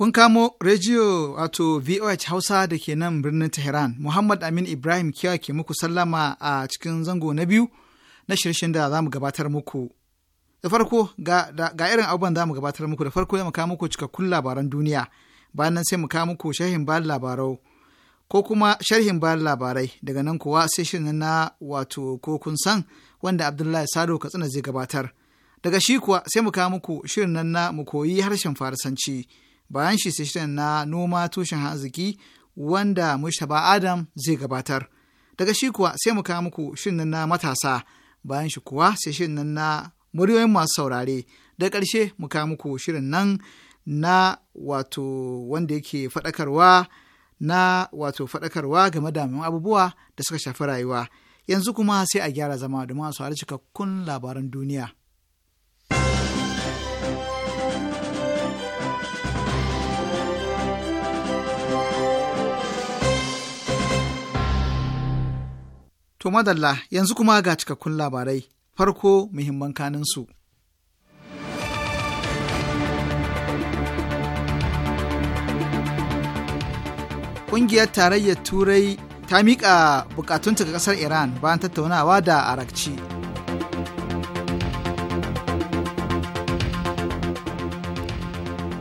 Kun kamo rediyo wato VOH Hausa da ke nan birnin Tehran, Muhammad Amin Ibrahim kewa ke muku sallama a cikin zango na biyu na shirshin da za mu gabatar muku. Da farko ga, irin abubuwan za mu gabatar muku da farko mu kawo muku cikakkun labaran duniya, bayan nan sai mu kawo muku sharhin bayan labarau ko kuma sharhin bayan labarai daga nan kuwa sai shirin na wato ko kun san wanda Abdullahi Sado Katsina zai gabatar. Daga shi kuwa sai mu kawo muku shirin na mu koyi harshen Farisanci. bayan shi sai na noma tushen arziki wanda Mustapha Adam zai gabatar. Daga shi kuwa sai mu kawo muku shirin na matasa, bayan shi kuwa sai shirin nan na muryoyin masu saurare. Da karshe mu kawo muku shirin nan na wato wanda yake faɗakarwa na wato faɗakarwa game da abubuwa da suka shafi rayuwa. Yanzu kuma sai a gyara zama domin a saurari cikakkun labaran duniya. To madalla yanzu kuma ga cikakkun labarai farko muhimman kaninsu. Ƙungiyar tarayyar Turai ta miƙa bukatunta ga ƙasar Iran bayan tattaunawa da Arakci.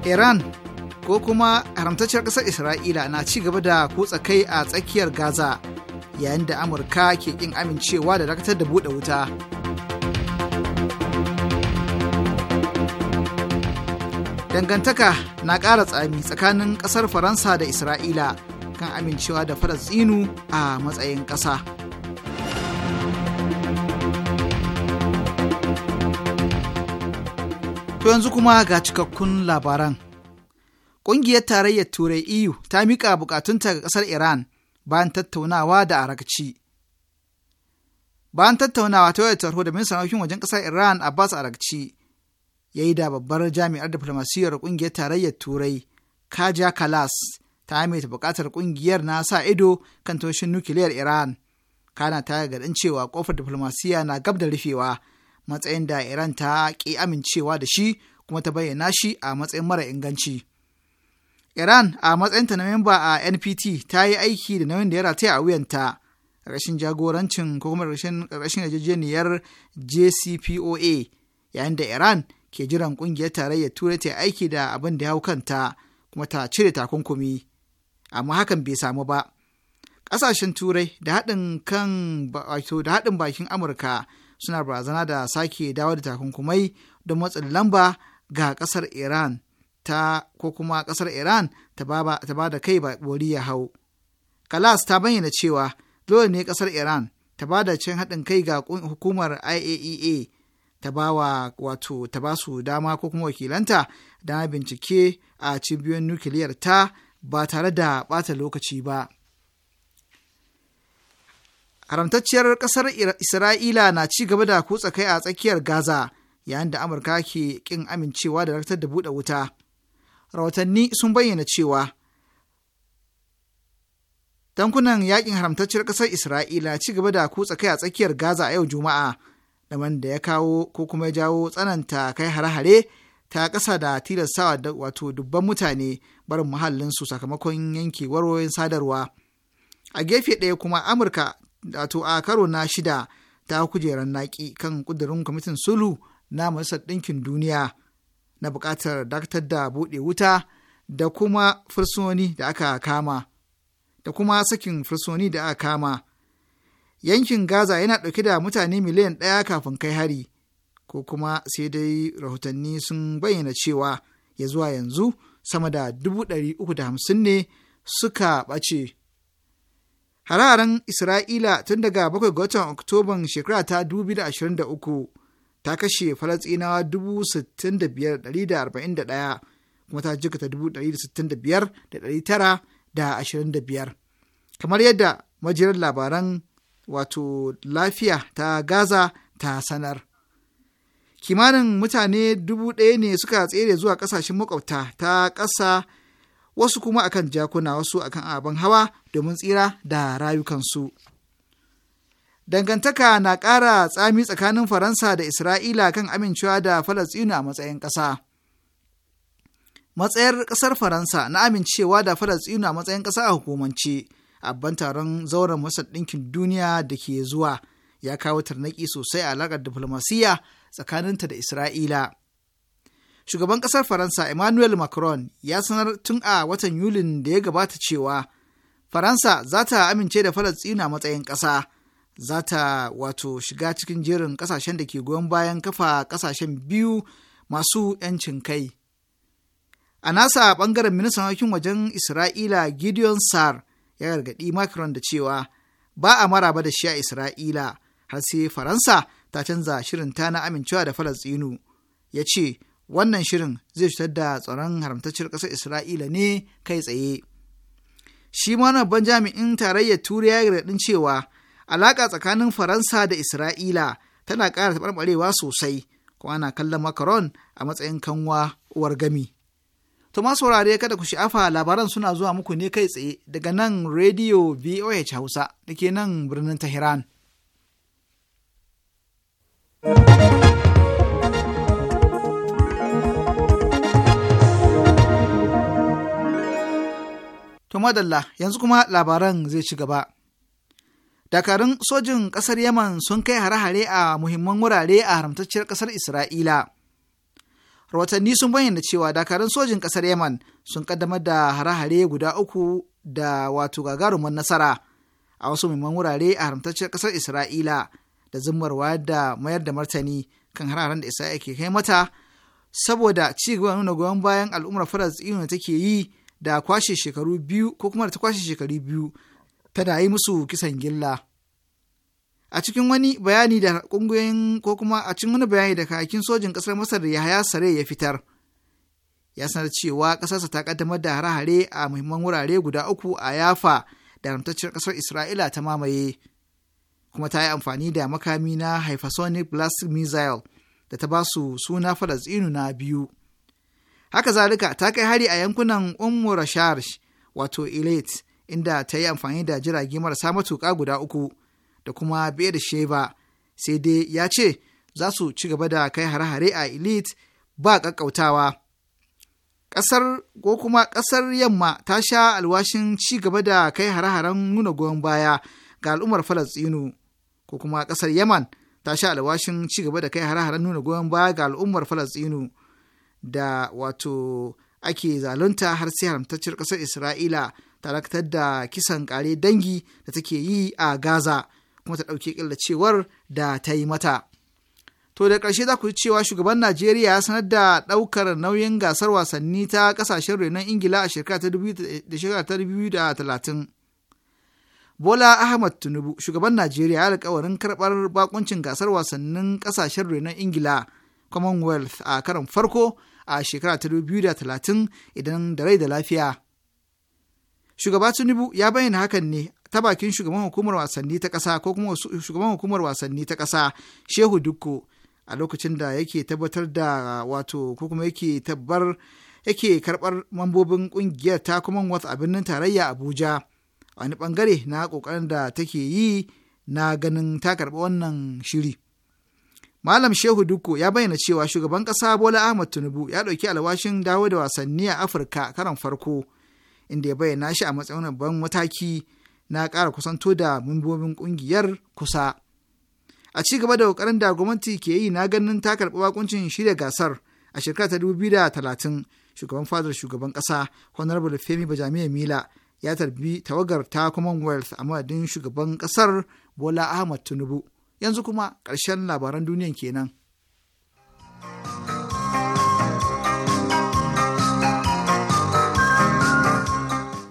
Iran ko kuma haramtacciyar ƙasar Isra'ila na ci gaba da kutsa kai a tsakiyar Gaza yayin da amurka ke ƙin amincewa da dakatar da buɗe wuta dangantaka na ƙara tsami tsakanin ƙasar faransa da isra'ila kan amincewa da falasɗinu a matsayin ƙasa to yanzu kuma ga cikakkun labaran ƙungiyar tarayyar turai eu ta miƙa bukatunta ga ƙasar iran bayan tattaunawa da Arakci. Bayan tattaunawa ta wayar tarho da ministan harkokin wajen ƙasar Iran Abbas Arakci ya yi da babbar jami'ar diflomasiyyar ƙungiyar tarayyar Turai Kaja Kalas ta ta buƙatar ƙungiyar na sa ido kan toshin nukiliyar Iran. Kana ta ɗan cewa ƙofar diflomasiyya na gab da rufewa matsayin da Iran ta ƙi amincewa da shi kuma ta bayyana shi a matsayin mara inganci. Iran a matsayinta na memba a NPT ta yi aiki da nauyin da ya rataya a wuyanta a ƙarshen jagorancin ko kuma ƙarshen yarjejeniyar JCPOA yayin da Iran ke jiran ƙungiyar tarayyar Turai ta aiki da abin da ya hau kanta kuma ta cire takunkumi amma hakan bai samu ba. Ƙasashen Turai da haɗin kan wato da haɗin bakin Amurka suna barazana da sake dawo da takunkumai don matsin lamba ga ƙasar Iran. ta ko kuma ƙasar Iran ta ba da kai ba wuri ya hau. Kalas ta bayyana cewa dole ne ƙasar Iran ta ba da cin haɗin kai ga hukumar IAEA e ta ba wa wato ta ba su dama ko kuma wakilanta da bincike a cibiyoyin nukiliyar ta ba tare da ɓata lokaci ba. Haramtacciyar ƙasar Isra'ila na ci gaba da kutsa kai a tsakiyar Gaza yayin da Amurka ke ƙin amincewa da raktar da buɗe wuta. rahotanni sun bayyana cewa tankunan yakin haramtacciyar ƙasar isra'ila ci gaba da kutsa kai a tsakiyar gaza a yau juma'a daman da ya kawo ko kuma ya jawo tsananta kai hare-hare ta ƙasa da tilastawa da wato dubban mutane barin muhallinsu sakamakon yanke warwayin sadarwa a gefe ɗaya kuma amurka wato a karo na shida ta kujerar naƙi kan ƙudurin kwamitin sulhu na majalisar ɗinkin duniya na buƙatar dakatar da buɗe wuta da kuma fursoni da aka kama da kuma sakin fursoni da aka kama yankin gaza yana ɗauke da mutane miliyan ɗaya kafin kai hari ko kuma sai dai rahotanni sun bayyana cewa ya zuwa yanzu sama da dubu ɗari uku da hamsin ne suka ɓace hararen isra'ila tun daga bakwai ga watan oktoban shekara ta dubu da ashirin da uku ta kashe falasinawa 65,141 kuma ta jikata 65,925 Kamar yadda majiyar labaran wato lafiya ta Gaza ta sanar. Kimanin mutane dubu ɗaya ne suka tsere zuwa ƙasashen makwabta ta ƙasa wasu kuma akan jakuna wasu akan abin hawa domin tsira da rayukansu. dangantaka na ƙara tsami tsakanin faransa da isra'ila kan amincewa da falastinu a matsayin ƙasa matsayar ƙasar faransa na amincewa da falastinu a matsayin ƙasa a hukumance abban taron zauren masar ɗinkin duniya da ke zuwa ya kawo tarnaki sosai a alaƙar diflomasiyya tsakaninta da isra'ila shugaban ƙasar faransa emmanuel macron ya sanar tun a watan yulin da ya gabata cewa faransa za ta amince da falastinu a matsayin ƙasa za ta wato shiga cikin jerin kasashen da ke goyon bayan kafa kasashen biyu masu 'yancin kai. A nasa ɓangaren ministan harkokin wajen Isra'ila Gideon Sar ya gargaɗi Macron da cewa ba a maraba da shi a Isra'ila har sai Faransa ta canza shirin ta na amincewa da falastinu Ya ce wannan shirin zai fitar da tsaron haramtacciyar ƙasar Isra'ila ne kai tsaye. Shi ma babban jami'in tarayyar Turai ya gargaɗin cewa alaƙa tsakanin Faransa da Isra'ila tana ƙara taɓarɓarewa sosai, kuma ana kallon Macron a matsayin kanwa uwar gami. To ma saurare kada ku sha'afa labaran suna zuwa muku ne kai tsaye daga nan Radio VOH Hausa da ke nan birnin Tehran. Tuma yanzu kuma labaran zai ci gaba. dakarun sojin ƙasar yaman sun kai hare-hare a muhimman wurare a haramtacciyar ƙasar isra'ila rahotanni sun bayyana cewa dakarun sojin ƙasar yaman sun ƙaddamar da hare-hare guda uku da wato gagarumar nasara a wasu muhimman wurare a haramtacciyar ƙasar isra'ila da zumarwa da mayar da martani kan hararen da isra'ila ke kai mata saboda ci gaba nuna goyon bayan al'ummar falasɗinu da take yi da kwashe shekaru biyu ko kuma da ta kwashe shekaru biyu kada yi musu kisan gilla a cikin wani bayani da kungiyoyin ko kuma a cikin wani bayani da kakin sojin ƙasar masar yahaya sare ya fitar ya sanar cewa ƙasarsa ta ƙaddamar da hare-hare a muhimman wurare guda uku a yafa da ramtacciyar kasar isra'ila ta mamaye kuma ta yi amfani da makami na hypersonic blast missile da ta ba su suna falastinu na biyu haka zalika ta kai hari a yankunan ummu wato elite inda ta yi amfani da jirage marasa matuƙa guda uku da kuma biye da sheba sai dai ya ce za su ci gaba da kai hare-hare a elite ba ƙaƙƙautawa. Ƙasar ko kuma ƙasar yamma ta sha alwashin ci gaba da kai hare-haren nuna goyon baya ga al'ummar Falastinu ko kuma ƙasar Yaman ta sha alwashin ci gaba da kai hare-haren nuna goyon baya ga al'ummar Falastinu da wato ake zalunta har sai haramtacciyar ƙasar Isra'ila talaktar da kisan kare dangi da take yi a Gaza kuma ta ɗauki killacewar da ta yi mata. To da ƙarshe za ku ji cewa shugaban Najeriya ya sanar da ɗaukar nauyin gasar wasanni ta ƙasashen renon Ingila a shekara ta 2030. Bola Ahmad Tinubu, shugaban Najeriya ya alkawarin karɓar bakuncin gasar wasannin ƙasashen renon Ingila Commonwealth a karon farko a shekara ta 2030 idan da rai da lafiya. Shugaba Tinubu ya bayyana hakan ne ta bakin shugaban hukumar wasanni ta kasa ko kuma shugaban hukumar wasanni ta kasa Shehu Dukko a lokacin da yake tabbatar da wato ko kuma yake tabbar yake karɓar mambobin ƙungiyar ta Commonwealth a birnin tarayya Abuja wani bangare na kokarin da take yi na ganin ta karba wannan shiri. Malam Shehu Dukko ya bayyana cewa shugaban ƙasa Bola Ahmad Tinubu ya ɗauki alwashin dawo da wasanni a Afirka karan farko. inda ya bayyana shi a matsayin babban mataki na ƙara kusanto da mambobin ƙungiyar kusa. A ci gaba da ƙoƙarin da gwamnati ke yi na ganin ta karɓi bakuncin shirya gasar a shekara ta dubu da talatin shugaban fadar shugaban ƙasa Honorable Femi Bajamiya Mila ya tarbi tawagar ta Commonwealth a madadin shugaban ƙasar Bola Ahmad Tinubu. Yanzu kuma ƙarshen labaran duniyan kenan.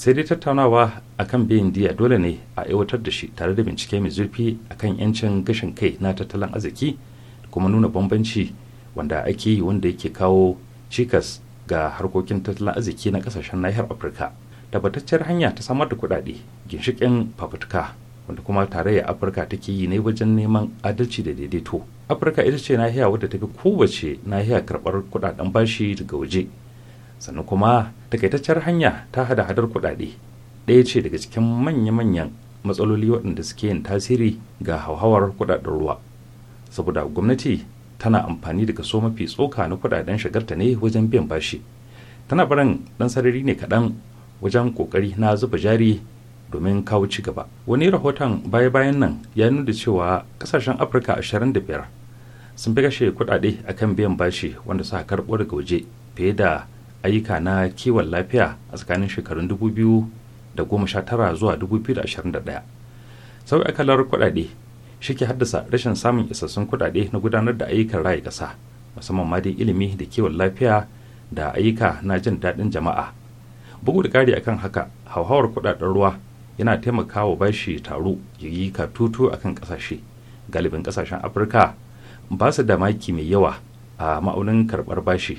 sai dai tattaunawa a kan biyan diya dole ne a aiwatar da shi tare da bincike mai zurfi a kan yancin gashin kai na tattalin arziki da kuma nuna bambanci wanda ake yi wanda yake kawo cikas ga harkokin tattalin arziki na kasashen nahiyar afirka tabbatacciyar hanya ta samar da kuɗaɗe ginshiƙin fafutuka wanda kuma tarayyar afirka take yi ne wajen neman adalci da daidaito afirka ita ce nahiya wadda ta fi kowace nahiya karɓar kuɗaɗen bashi daga waje sannan kuma takaitaccen hanya ta hada hadar kudade ɗaya ce daga cikin manya-manyan matsaloli waɗanda suke yin tasiri ga hauhawar kuɗaɗen ruwa saboda gwamnati tana amfani da kaso mafi tsoka na kudaden shigarta ne wajen biyan bashi tana barin ɗan sarari ne kaɗan wajen ƙoƙari na zuba jari domin kawo ci gaba wani rahoton baya-bayan nan ya nuna cewa kasashen afirka 25 sun fi kashe kudade akan biyan bashi wanda suka karɓo daga waje fiye da ayyuka na kiwon lafiya a tsakanin shekarun 2019 zuwa 2021 sau akalar kuɗaɗe shi ke haddasa rashin samun isassun kuɗaɗe na gudanar da ayyukan rayu ƙasa musamman ma dai ilimi da kiwon lafiya da ayyuka na jin daɗin jama'a bugu da ƙari akan haka hauhawar kuɗaɗen ruwa yana taimakawa bashi taro ya yi katutu akan ƙasashe galibin ƙasashen afirka ba su da maki mai yawa a ma'aunin karɓar bashi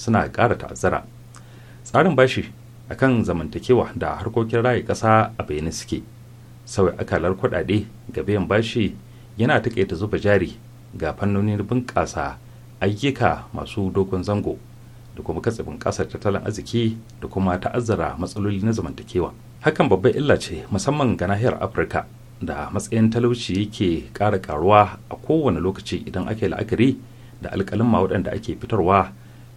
suna ƙara ta'azzara tsarin bashi a kan zamantakewa da harkokin raye ƙasa a bayyane suke sauya akalar kuɗaɗe ga biyan bashi yana taƙaita zuba jari ga fannonin bunƙasa ayyuka masu dogon zango da kuma katse bunƙasar tattalin arziki da kuma ta'azzara matsaloli na zamantakewa hakan babbar illa ce musamman ga nahiyar afirka da matsayin talauci yake ƙara ƙaruwa a kowane lokaci idan aka yi la'akari da alƙalin waɗanda ake fitarwa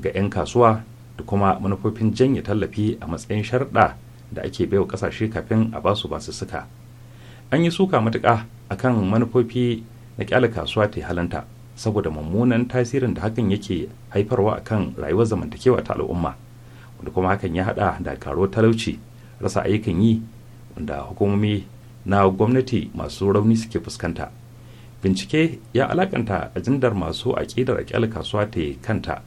ga 'yan kasuwa da kuma manufofin janye tallafi a matsayin sharɗa da ake baiwa ƙasashe kafin a basu suka an yi suka matuƙa a kan manufofi na ƙyale kasuwa ta halanta saboda mummunan tasirin da hakan yake haifarwa a kan rayuwar zamantakewa ta al'umma wanda kuma hakan ya haɗa da karo talauci rasa ayyukan yi wanda hukumomi na gwamnati masu rauni suke fuskanta bincike ya alakanta ajindar masu aƙidar ƙyale kasuwa ta kanta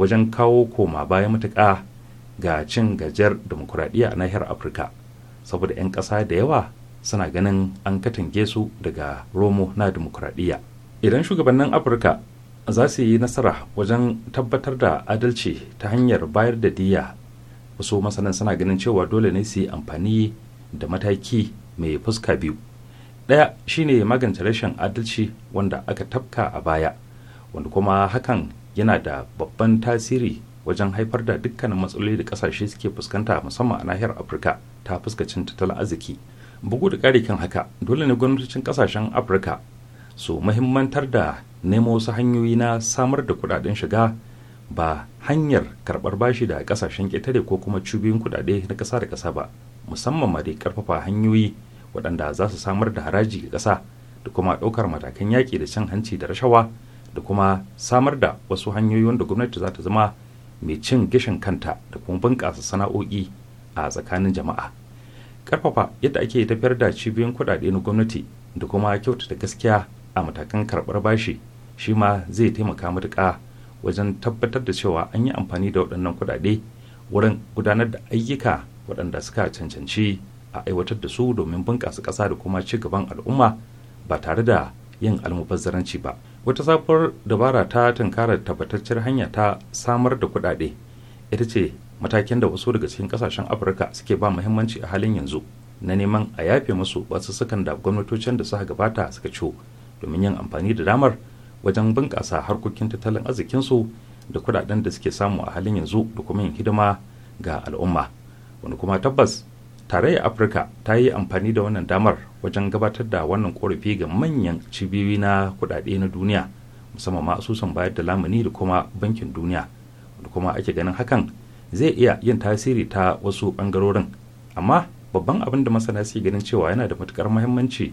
wajen kawo koma baya matuƙa ga cin gajiyar demokuraɗiyya a nahiyar afirka saboda 'yan ƙasa da yawa suna ganin an katange su daga romo na demokuraɗiyya idan shugabannin afirka za su yi nasara wajen tabbatar da adalci ta hanyar bayar da diya wasu masanan suna ganin cewa dole ne su yi amfani da mataki mai fuska biyu ɗaya shine magance rashin adalci wanda aka tafka a baya wanda kuma hakan yana da babban tasiri wajen haifar da dukkanin matsaloli da kasashe suke fuskanta musamman a nahiyar afirka ta fuskacin tattalin arziki bugu da ƙari kan haka dole ne gwamnatocin kasashen afirka su mahimmantar da nemo wasu hanyoyi na samar da kudaden shiga ba hanyar karbar bashi da kasashen ƙetare ko kuma cubiyoyin kudade na ƙasa da ƙasa ba musamman ma dai karfafa hanyoyi waɗanda za su samar da haraji ga ƙasa da kuma ɗaukar matakan yaƙi da cin hanci da rashawa da kuma samar da wasu hanyoyi wanda gwamnati za ta zama mai cin gishin kanta da kuma bunƙasa sana'o'i a tsakanin jama'a karfafa yadda ake tafiyar da cibiyoyin kuɗaɗe na gwamnati da kuma kyautata gaskiya a matakan karɓar bashi shi ma zai taimaka matuƙa wajen tabbatar da cewa an yi amfani da waɗannan kuɗaɗe wurin gudanar da ayyuka waɗanda suka cancanci a aiwatar da su domin bunƙasa ƙasa da kuma ci gaban al'umma ba tare da yin almubazzaranci ba. wata safar dabara ta tunkara tabbataccen hanya ta samar da kuɗaɗe ita ce matakin da wasu daga cikin kasashen afirka suke ba muhimmanci a halin yanzu na neman a yafe musu wasu sukan da gwamnatocin da suka gabata suka ciwo domin yin amfani da damar wajen bunƙasa harkokin tattalin arzikinsu da kudaden da suke samu a halin yanzu da kuma yin hidima ga al'umma wani kuma tabbas tarayyar afirka ta yi amfani da wannan damar wajen gabatar da wannan korafi ga manyan cibiyoyi na kudade na duniya musamman ma asusun bayar da lamuni da kuma bankin duniya da kuma ake ganin hakan zai iya yin tasiri ta wasu bangarorin amma babban abin da masana suke ganin cewa yana da matukar muhimmanci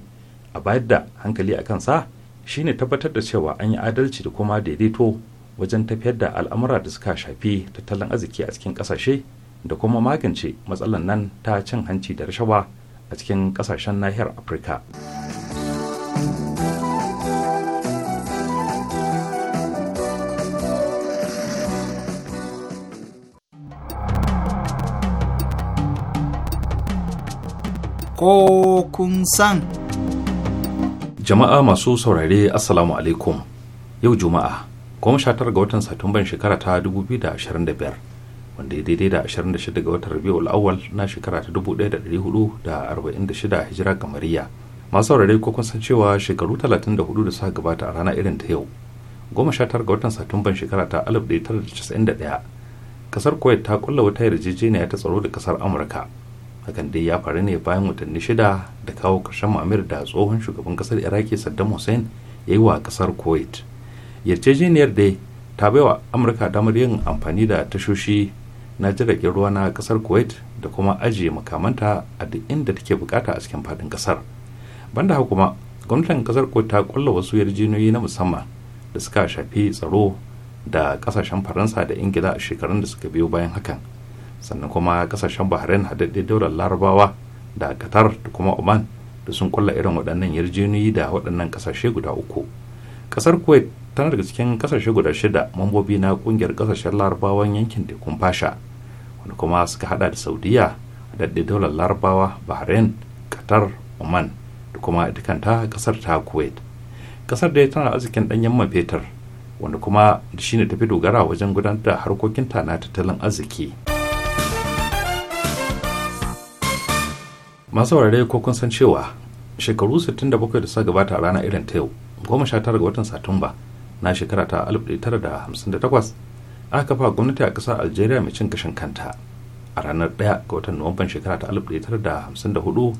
a bayar da hankali a kansa shine tabbatar da cewa an yi adalci da kuma daidaito wajen tafiyar da al'amura da suka shafi tattalin arziki a cikin kasashe da kuma magance matsalar nan ta cin hanci da rashawa a cikin kasashen nahiyar afirka ko kun san jama'a masu saurare assalamu alaikum yau juma'a kuma shatar ga watan satumban shekara ta 2025 wanda ya daidai da 26 ga watan rabiul awwal na shekara ta 1446 hijira kamariya masu saurare ko kun cewa shekaru 34 da suka gabata a rana irin ta yau 19 ga watan satumban shekara ta 1991 kasar kuwait ta kulla wata yarjejeniya ta tsaro da kasar amurka hakan dai ya faru ne bayan watanni shida da kawo karshen mamir da tsohon shugaban kasar iraki saddam hussein ya yi wa kasar kuwait yarjejeniyar dai ta bai wa amurka damar yin amfani da tashoshi na jiragen ruwa na kasar kuwait da kuma ajiye makamanta a duk inda take bukata a cikin fadin kasar banda haka kuma gwamnatin kasar kuwait ta kulla wasu yarjejeniyoyi na musamman da suka shafi tsaro da kasashen faransa da ingila a shekarun da suka biyo bayan hakan sannan kuma kasashen bahrain haɗaɗɗe daular larabawa da qatar da kuma oman da sun kulla irin waɗannan yarjejeniyoyi da waɗannan kasashe guda uku kasar kuwait tana daga cikin kasashe guda shida mambobi na kungiyar kasashen larabawan yankin tekun fasha wanda kuma suka hada da saudiya da daular larabawa bahrain qatar oman da kuma dukanta kasar ta kuwait kasar da tana arzikin danyen mafetar wanda kuma da shine tafi dogara wajen gudanar da harkokin ta na tattalin arziki masu wurare ko kun san cewa shekaru 67 da suka gabata a rana irin ta yau 19 ga watan satumba na shekara ta 1958 aka kafa gwamnati a ƙasar algeria mai cin gashin kanta a ranar 1 ga watan nuwamban shekara ta 1954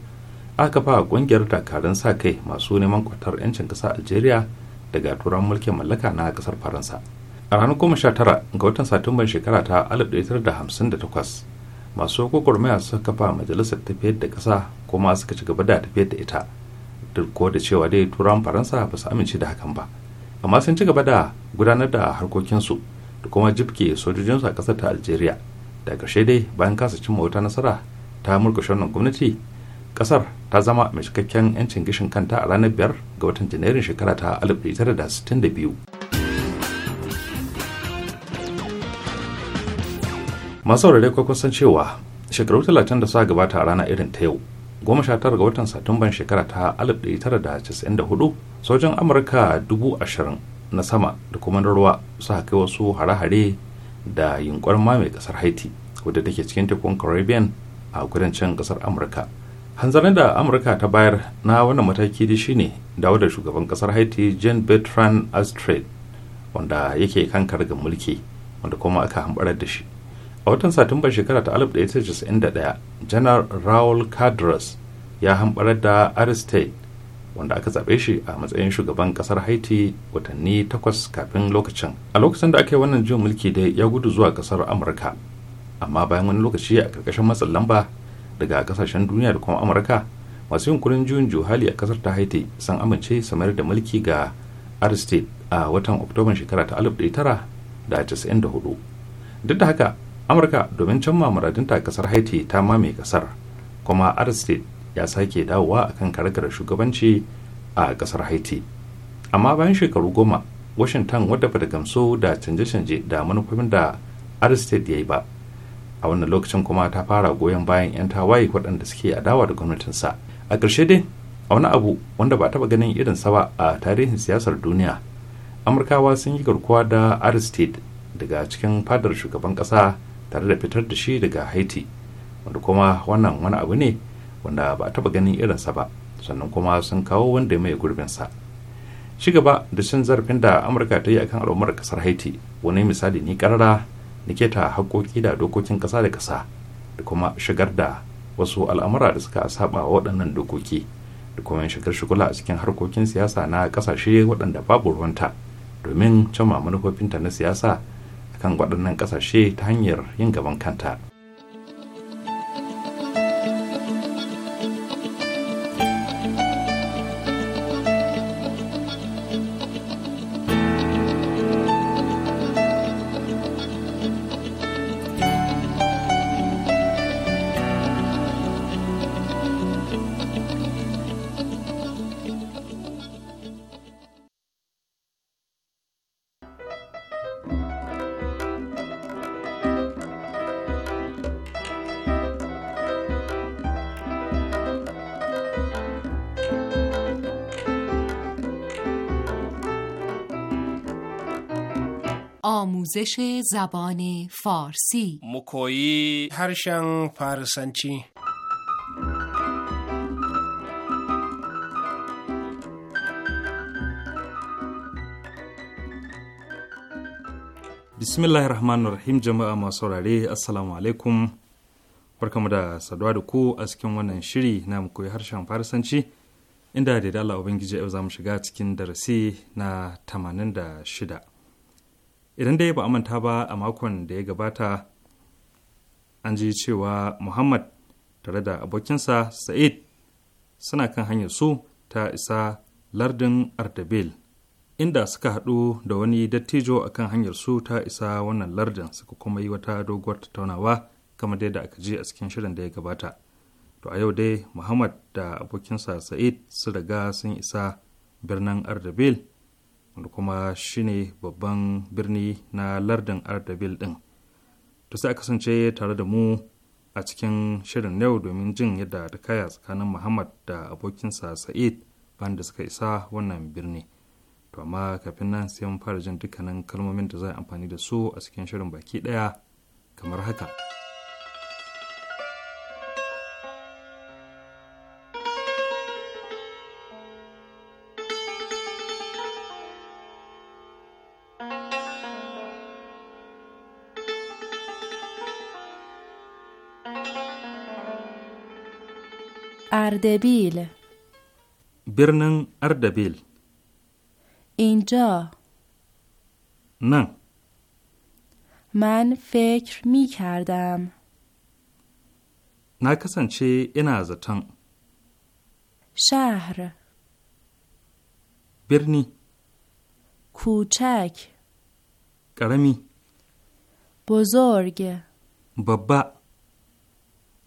aka kafa ƙungiyar dakarun sa kai masu neman kwatar 'yancin ƙasar algeria daga turan mulkin mallaka na ƙasar faransa a ranar tara ga watan satumban shekara ta 1958 masu gwagwarmaya suka kafa majalisar tafiyar da ƙasa kuma suka ci gaba da tafiyar da ita duk da cewa dai turan faransa ba su amince da hakan ba amma sun ci gaba da gudanar da harkokinsu da kuma jibke sojojinsu a ƙasar ta algeria da ƙarshe dai bayan kasa cimma wata nasara ta murƙushe wannan gwamnati ƙasar ta zama mai cikakken 'yancin gishin kanta a ranar biyar ga watan janairun shekara ta 1962 masu aure dai kwakwasan cewa shekaru 30 da suka gabata a rana irin ta yau goma sha tara ga watan satumban shekara ta da 1994 sojan amurka dubu ashirin na sama da kuma na ruwa suka kai wasu hare-hare da yunkurin mame kasar haiti wadda take cikin tekun caribbean a kudancin kasar amurka hanzarin da amurka ta bayar na wannan mataki da shine dawo da shugaban kasar haiti jean bertrand astrid wanda yake kan kargan mulki wanda kuma aka hambarar da shi a watan satumbar shekara ta 1991 janar raul cadres ya hambar da aristide wanda aka zaɓe shi a matsayin shugaban ƙasar haiti watanni takwas kafin lokacin a lokacin da aka yi wannan jin mulki dai ya gudu zuwa ƙasar amurka amma bayan wani lokaci a ƙarƙashin matsin lamba daga ƙasashen duniya da kuma amurka masu yunkurin juyin juhali a ƙasar ta haiti sun amince su mayar da mulki ga aristide a watan oktoban shekara ta 1994 duk da haka amurka domin cimma muradinta a kasar haiti ta mame kasar kuma arsted ya sake dawowa a akan karkar shugabanci a kasar haiti amma bayan shekaru goma washington wadda bata gamsu da canje-canje da manufofin da arsted ya yi ba a wannan lokacin kuma ta fara goyon bayan 'yan tawaye waɗanda suke dawa da gwamnatinsa a ƙarshe dai a wani abu wanda ba taɓa ganin irin ba a tarihin siyasar duniya amurkawa sun yi garkuwa da arsted daga cikin fadar shugaban ƙasa tare da fitar da shi daga haiti wanda kuma wannan wani abu ne wanda ba a taba ganin irinsa ba sannan kuma sun kawo wanda ya mai gurbinsa shi gaba da cin zarafin da amurka ta yi akan al'ummar kasar haiti wani misali ne karara na ta haƙoƙi da dokokin ƙasa da ƙasa da kuma shigar da wasu al'amura da suka saba waɗannan dokoki da kuma shigar shigula a cikin harkokin siyasa na ƙasashe waɗanda babu ruwanta domin cimma manufofinta na siyasa kan waɗannan ƙasashe ta hanyar yin gaban kanta آموزش زبان فارسی مکویی هرشن فارسنچی bismillahir rahmanir rahim jama'a masu saurare assalamu alaikum barkamu da saduwa da ku a cikin wannan shiri na mu koyi harshen farisanci inda da Allah ubangiji yau za mu shiga cikin darasi na 86 idan dai ba a manta ba a makon da ya gabata an ji cewa muhammad tare da abokinsa sa'id suna kan hanyar su ta isa lardin ardabil inda suka haɗu da wani dattijo a kan hanyar su ta isa wannan lardin suka kuma yi wata doguwar tattaunawa kamar dai da aka ji a cikin shirin da ya gabata to a yau dai muhammad da abokinsa sa'id su riga sun isa birnin ardabil wanda kuma shine babban birni na lardin ardabil din to sai a kasance tare da mu a cikin shirin yau domin jin yadda ta kaya tsakanin muhammad da abokinsa sa'id ban da suka isa wannan birni to amma kafin nan sai mun fara jin dukkanin kalmomin da za a amfani da su a cikin shirin baki ɗaya kamar haka. اردبیل برنن اردبیل اینجا نه من فکر می کردم نکسن چه این از شهر برنی کوچک قرمی بزرگ بابا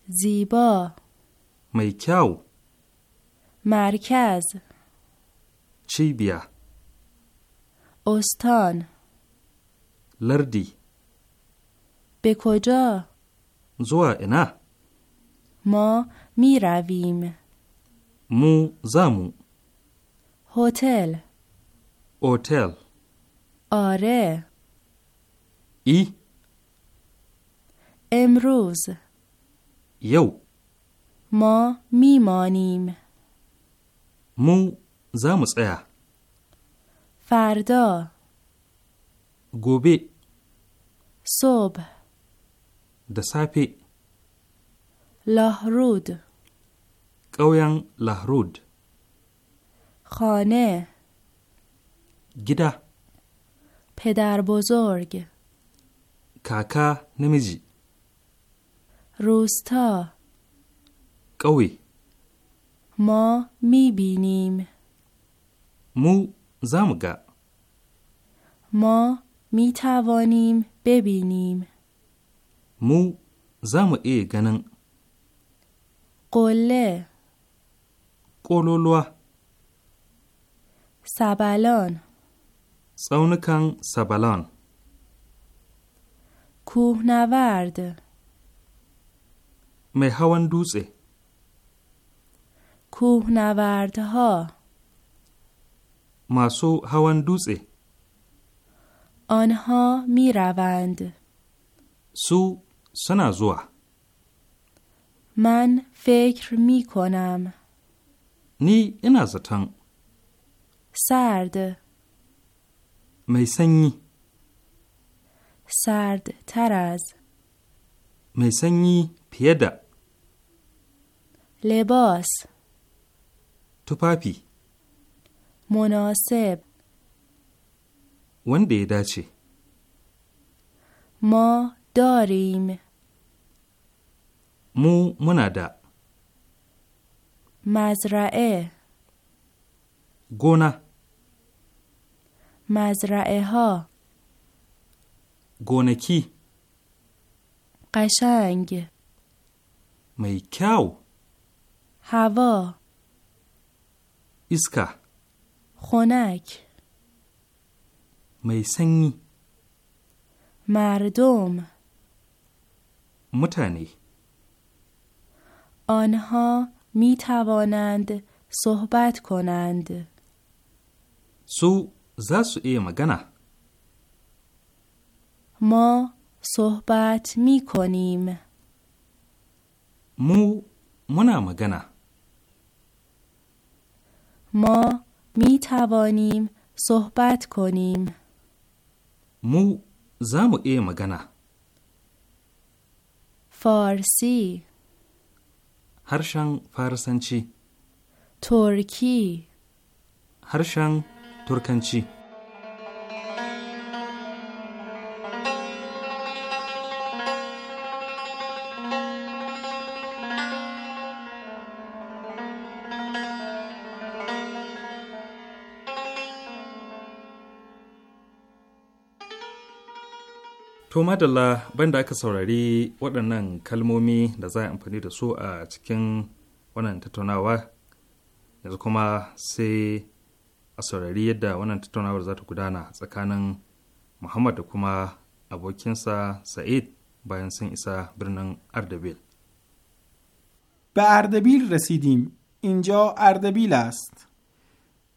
زیبا میکاو مرکز چی بیا استان لردی به کجا زوا انا ما می رویم مو زامو هتل هتل آره ای امروز یو ما میمانیم مو زاموس فردا گوبی صبح دسافی لاهرود قویان لاهرود خانه گیده پدر بزرگ کاکا نمیجی روستا قوی ما میبینیم مو زمگا ما میتوانیم ببینیم مو زم ای گنن قله قلولوه سبلان سونکن سبلان نورد مهوان دوزه کوهنوردها ماسو هوان دوزه آنها می روند سو سنازوا من فکر می کنم نی اینا سرد می سرد تر از می پیدا لباس tufafi مناسب wanda ya ما داریم مو muna مزرعه گونه مزرعه ها گونکی قشنگ میکاو هوا ایسکا خونک میسنگی مردم متنی آنها می توانند صحبت کنند سو زاسو ای مگنه ما صحبت می کنیم مو منا مگنه ما می توانیم صحبت کنیم مو زامو ای مگنه فارسی هرشنگ فارسنچی ترکی هرشنگ ترکنچی To madalla banda aka saurari waɗannan kalmomi da za a amfani da su a cikin wannan tattaunawa yanzu kuma sai a saurari yadda wannan tattaunawar za ta gudana tsakanin Muhammad da kuma abokinsa Sa'id bayan sun isa birnin Ardabil. به اردبیل رسیدیم. اینجا اردبیل است.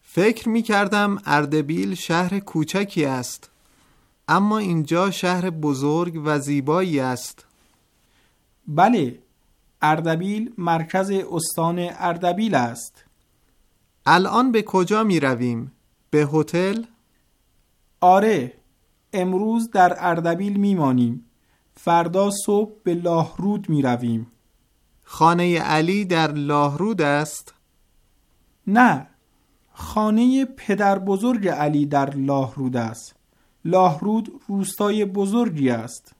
فکر می کردم اردبیل شهر کوچکی است. اما اینجا شهر بزرگ و زیبایی است بله اردبیل مرکز استان اردبیل است الان به کجا می رویم؟ به هتل؟ آره امروز در اردبیل می مانیم فردا صبح به لاهرود می رویم خانه علی در لاهرود است؟ نه خانه پدر بزرگ علی در لاهرود است لاهرود روستای بزرگی است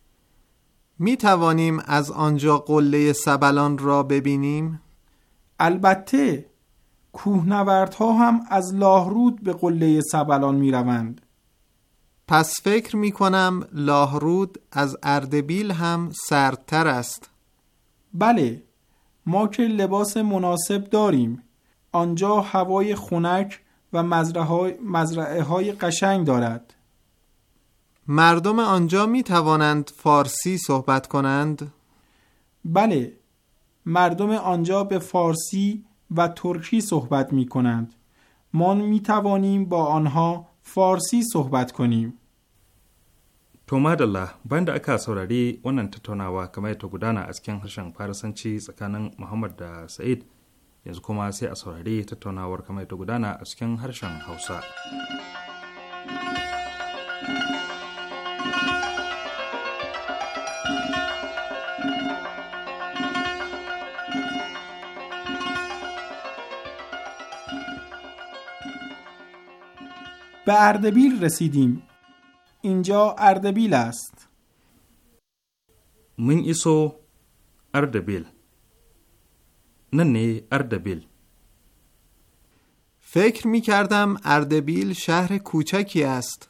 می توانیم از آنجا قله سبلان را ببینیم؟ البته کوهنوردها هم از لاهرود به قله سبلان می روند پس فکر می کنم لاهرود از اردبیل هم سردتر است بله ما که لباس مناسب داریم آنجا هوای خنک و مزرعه های قشنگ دارد مردم آنجا می توانند فارسی صحبت کنند؟ بله مردم آنجا به فارسی و ترکی صحبت می کنند ما می توانیم با آنها فارسی صحبت کنیم To madalla bayan aka saurari wannan tattaunawa kamar ta gudana a cikin harshen farisanci tsakanin Muhammad da Sa'id yanzu kuma sai a saurari tattaunawar kamar ta gudana a cikin harshen Hausa. به اردبیل رسیدیم اینجا اردبیل است من ایسو اردبیل نه اردبیل فکر می کردم اردبیل شهر کوچکی است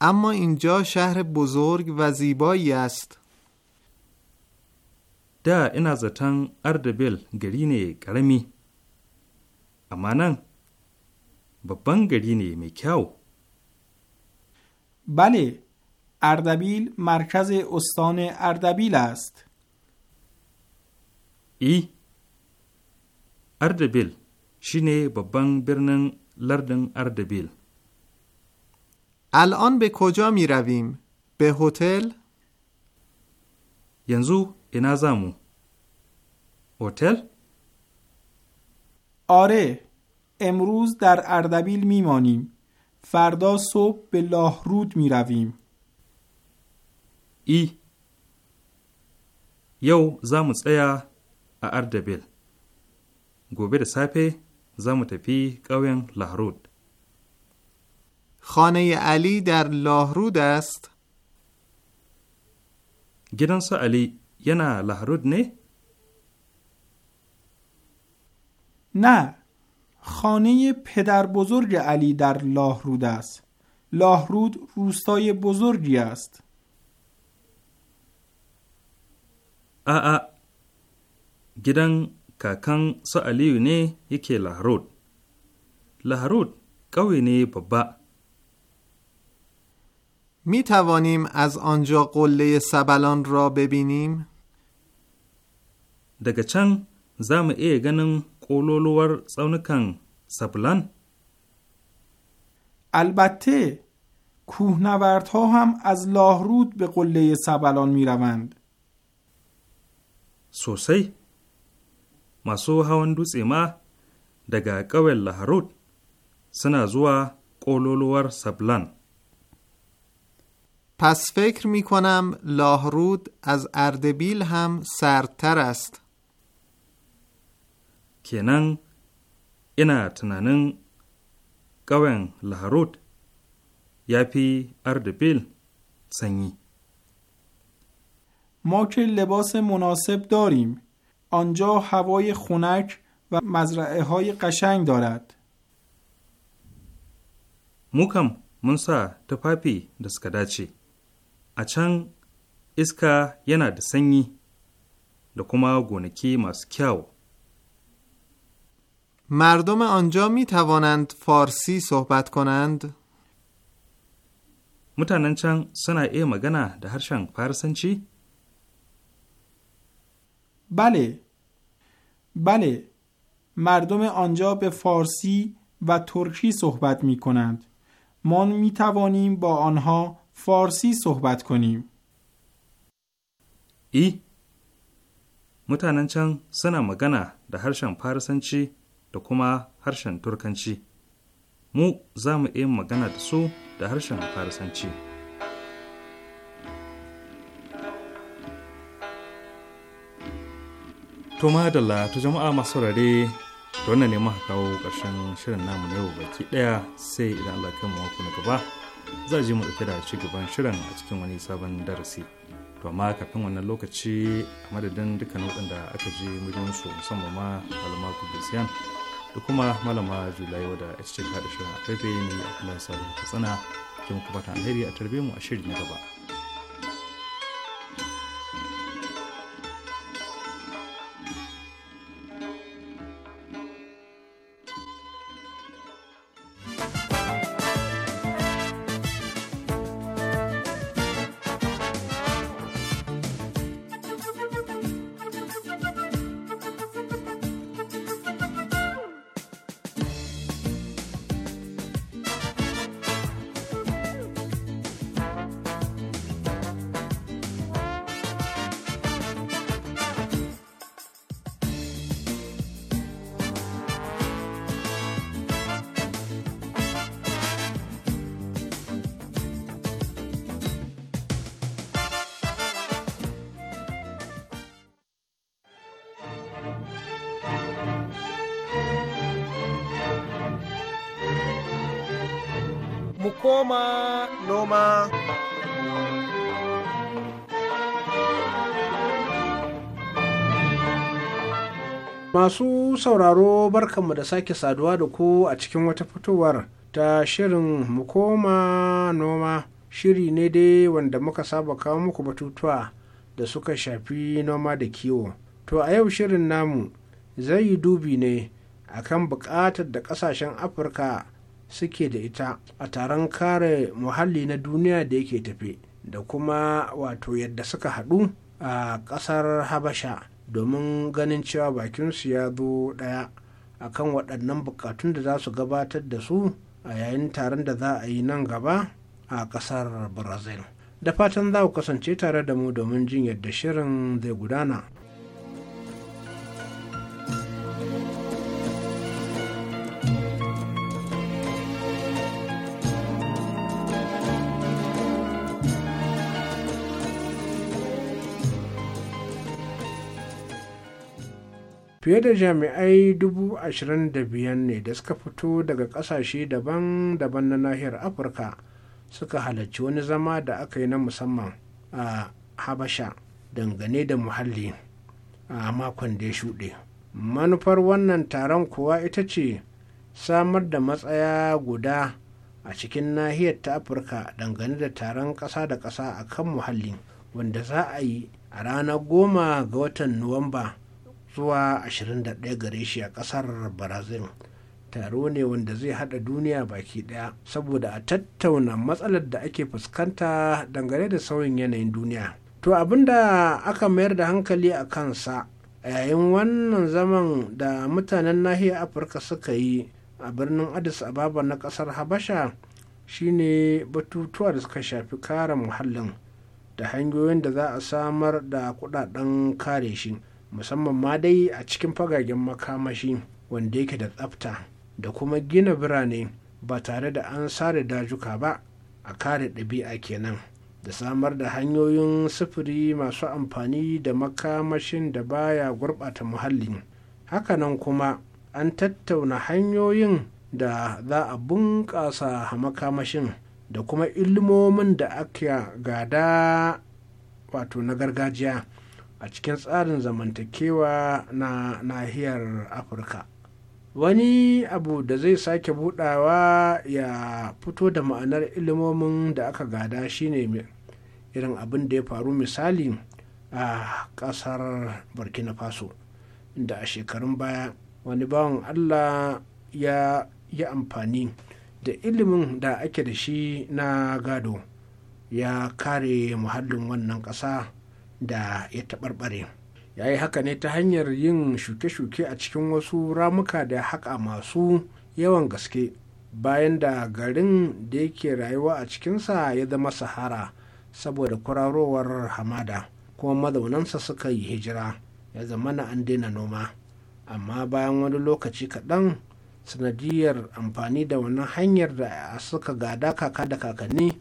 اما اینجا شهر بزرگ و زیبایی است دا اینا زتن اردبیل گرینه نه کرمی اما babban gari ne mai kyau بله اردبیل مرکز استان اردبیل است ای اردبیل شینه ببن برنن لردن اردبیل الان به کجا می رویم؟ به هتل؟ ینزو اینا هتل؟ آره امروز در اردبیل میمانیم فردا صبح به لاهرود میرویم ای یو زامو تسیا ا اردبیل گوبه ده safe زامو تفی قوین لاهرود خانه علی در لاهرود است. علی علی ینا لاهرود نه؟ نه نه خانه پدر بزرگ علی در لاهرود است لاهرود روستای بزرگی است ا گیدن کاکان سو علیو نه یکی لاهرود لاهرود. قوی نه بابا می توانیم از آنجا قله سبلان را ببینیم؟ دگه چنگ زم ای گنن ƙololuwar tsaunukan سبلان البته کوهنوردها هم از لاهرود به قله سبلان می روند سوسی masu hawan dutse ma daga ƙauyen laharut suna سبلان پس فکر میکنم کنم لاهرود از اردبیل هم سردتر است. kenan ina tunanin ƙauyen laharut ya fi ardabil sanyi ما که لباس مناسب داریم آنجا هوای خنک و مزرعه های قشنگ دارد موکم mun sa tafafi da suka dace, a can iska yana da sanyi da kuma gonaki masu kyau. مردم آنجا می توانند فارسی صحبت کنند؟ متنن چن سنا ای مگنا ده هرشان چی؟ بله بله مردم آنجا به فارسی و ترکی صحبت می کنند ما می توانیم با آنها فارسی صحبت کنیم ای متنن چن سنا مگنا ده هرشان چی؟ da kuma harshen turkanci mu za mu iya magana da su da harshen farisanci to madalla ta jama'a masu rare da wannan ne haka kawo ƙarshen shirin namu na yau baki ɗaya sai idan Allah kai mako na gaba za je mu ɗauke da ci gaban shirin a cikin wani sabon darasi to amma kafin wannan lokaci a madadin dukkan waɗanda aka je su musamman ma alamaku bisiyan da kuma malama julai wada a cikin ta shirin a faifai ne a kulan sa tsana ke muku fata alheri a tarbe mu a shirin na gaba. masu sauraro barkanmu da sake saduwa da ku a cikin wata fitowar ta shirin mu koma noma shiri ne dai wanda muka saba kawo muku batutuwa da suka shafi noma da kiwo to a yau shirin namu zai yi dubi ne akan bukatar da ƙasashen afirka suke da ita a taron kare muhalli na duniya da yake tafe da kuma wato yadda suka haɗu a ƙasar habasha domin ganin cewa bakinsu ya zo ɗaya akan waɗannan bukatun da za su gabatar da su a yayin taron da za a yi nan gaba a ƙasar brazil da fatan za ku kasance tare da mu domin jin yadda shirin zai gudana fiye da jami'ai 25,000 ne da suka fito daga kasashe daban-daban na nahiyar afirka suka halarci wani zama da aka yi na musamman a habasha dangane da muhalli a makon da ya shuɗe manufar wannan taron kuwa ita ce samar da matsaya guda a cikin nahiyar ta afirka dangane da taron ƙasa da ƙasa a kan muhalli wanda za a yi a ranar goma ga watan nuwamba zuwa 21 gare shi a ƙasar brazil taro ne wanda zai hada duniya baki daya saboda a tattauna matsalar da ake fuskanta dangane da sauyin yanayin duniya to abinda aka mayar da hankali a kansa a yayin wannan zaman da mutanen nahiyar afirka suka yi a birnin addis ababa na kasar habasha shine batutuwa da suka shafi kare muhallin da hanyoyin da za a samar da kudaden kare shi musamman ma dai a cikin fagagen makamashi wanda yake da tsafta da kuma gina birane ba tare da an sare dajuka ba a kare ɗabi'a kenan da samar da hanyoyin sufuri masu amfani da makamashin da baya gurɓata muhalli hakanan kuma an tattauna hanyoyin da za a bunƙasa makamashin da kuma ilmomin da aka gada wato na gargajiya a cikin tsarin zamantakewa na nahiyar afirka wani abu da zai sake budawa ya fito da ma'anar ilimomin da aka gada shine irin abin da ya faru misali a kasar burkina faso da a shekarun baya wani bawan allah ya yi amfani da ilimin da ake da shi na gado ya kare muhallin wannan ƙasa da ya taɓarɓare ya yi haka ne ta hanyar yin shuke-shuke a cikin wasu ramuka da haƙa masu yawan gaske bayan da garin da yake rayuwa a cikinsa ya zama sahara saboda kwararowar hamada kuma mazaunansa suka yi hijira ya zama na an daina noma amma bayan wani lokaci kaɗan sanadiyar amfani da wani hanyar da suka gada kaka da kakanni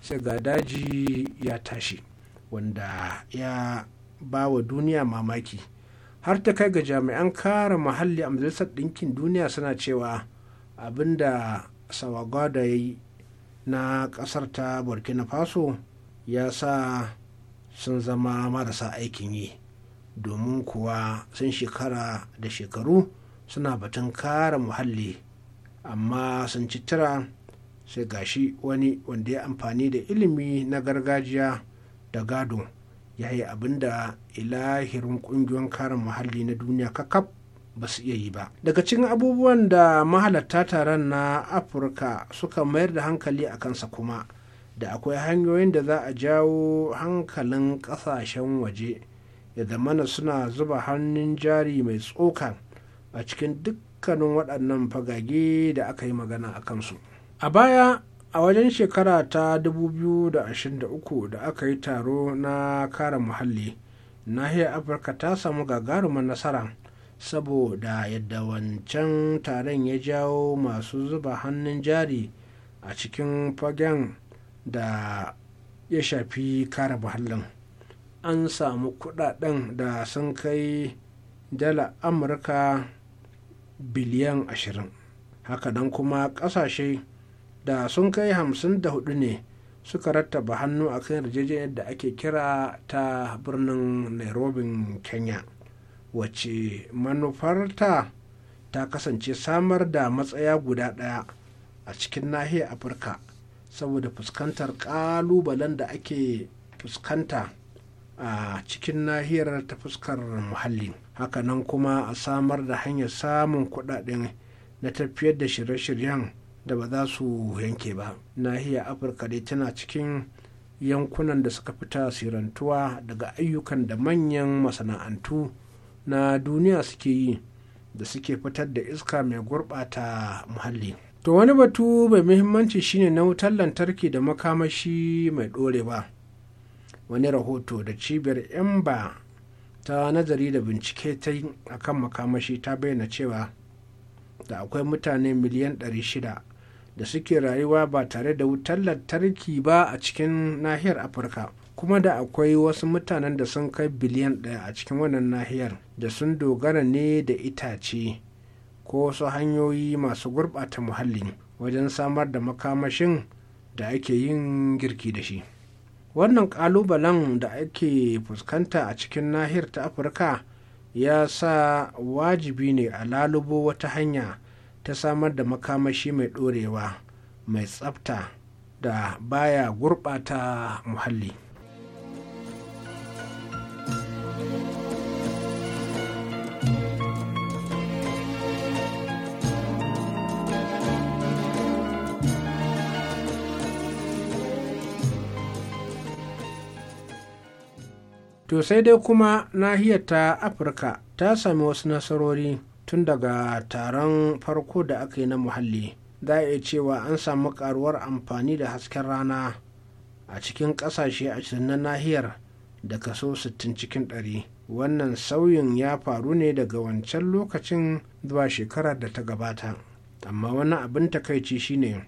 sai ga daji ya tashi wanda ya ba wa duniya mamaki har ta kai ga jami'an kare muhalli a majalisar ɗinkin duniya suna cewa abin da sawagwada ya yi na ƙasar ta burkina faso ya sa sun zama marasa aikin yi domin kuwa sun shekara da shekaru suna batun kare muhalli amma sun ci tira sai gashi wani wanda ya amfani da ilimi na gargajiya da gado ya yi abin da ilahirin ƙungiyoyin kare muhalli na duniya kakaf ba su iya yi ba daga cikin abubuwan da mahalatta taron na afirka suka mayar da hankali a kansa kuma da akwai hanyoyin da za a jawo hankalin kasashen waje ya zamana suna zuba hannun jari mai tsoka a cikin dukkanin waɗannan fagage da aka yi magana a kansu a baya a wajen shekara ta 2023 da aka yi taro na kare muhalli nahiyar afirka ta samu gagarumar nasara saboda yadda wancan taron ya jawo masu zuba hannun jari a cikin fagen da ya shafi kare muhallin an samu kudaden da sun kai dala amurka biliyan 20 hakanan kuma kasashe da sun kai hamsin da hudu ne suka rattaba hannu a kan yarjejeniyar da ake kira ta birnin nairobi kenya wacce manufarta ta kasance samar da matsaya guda ɗaya a cikin nahiyar afirka saboda fuskantar ƙalubalen da ake fuskanta a cikin nahiyar ta fuskar muhalli hakanan kuma a samar da hanyar samun kudaden na tafiyar da shirye-shiryen da ba za su yanke ba nahiyar afirka dai tana cikin yankunan da suka fi tasirantuwa daga ayyukan da manyan masana'antu na duniya suke yi da suke fitar da iska mai gurɓata muhalli to wani batu mai muhimmanci shine na wutar lantarki da makamashi mai ɗorewa wani rahoto da cibiyar yamba ta nazari da bincike ta yi akan makamashi ta bayyana cewa da akwai mutane miliyan 600 da suke rayuwa ba tare da wutar lantarki ba a cikin nahiyar afirka kuma da akwai wasu mutanen da sun kai biliyan ɗaya a cikin wannan nahiyar da sun dogara ne da itace ko wasu hanyoyi masu gurɓata muhalli wajen samar da makamashin da ake yin girki da shi wannan ƙalubalen da ake fuskanta a cikin nahiyar ta afirka ya sa wajibi ne a lalubo wata hanya ta samar da makamashi mai ɗorewa mai tsafta da baya gurɓata muhalli to sai dai kuma nahiyar ta afirka ta sami wasu nasarori tun daga taron farko da aka yi na muhalli za a iya cewa an samu karuwar amfani da hasken rana a cikin kasashe a na nahiyar da kaso 60 cikin 100 wannan sauyin ya faru ne daga wancan lokacin zuwa shekarar da ta gabata amma wani abin takaici shine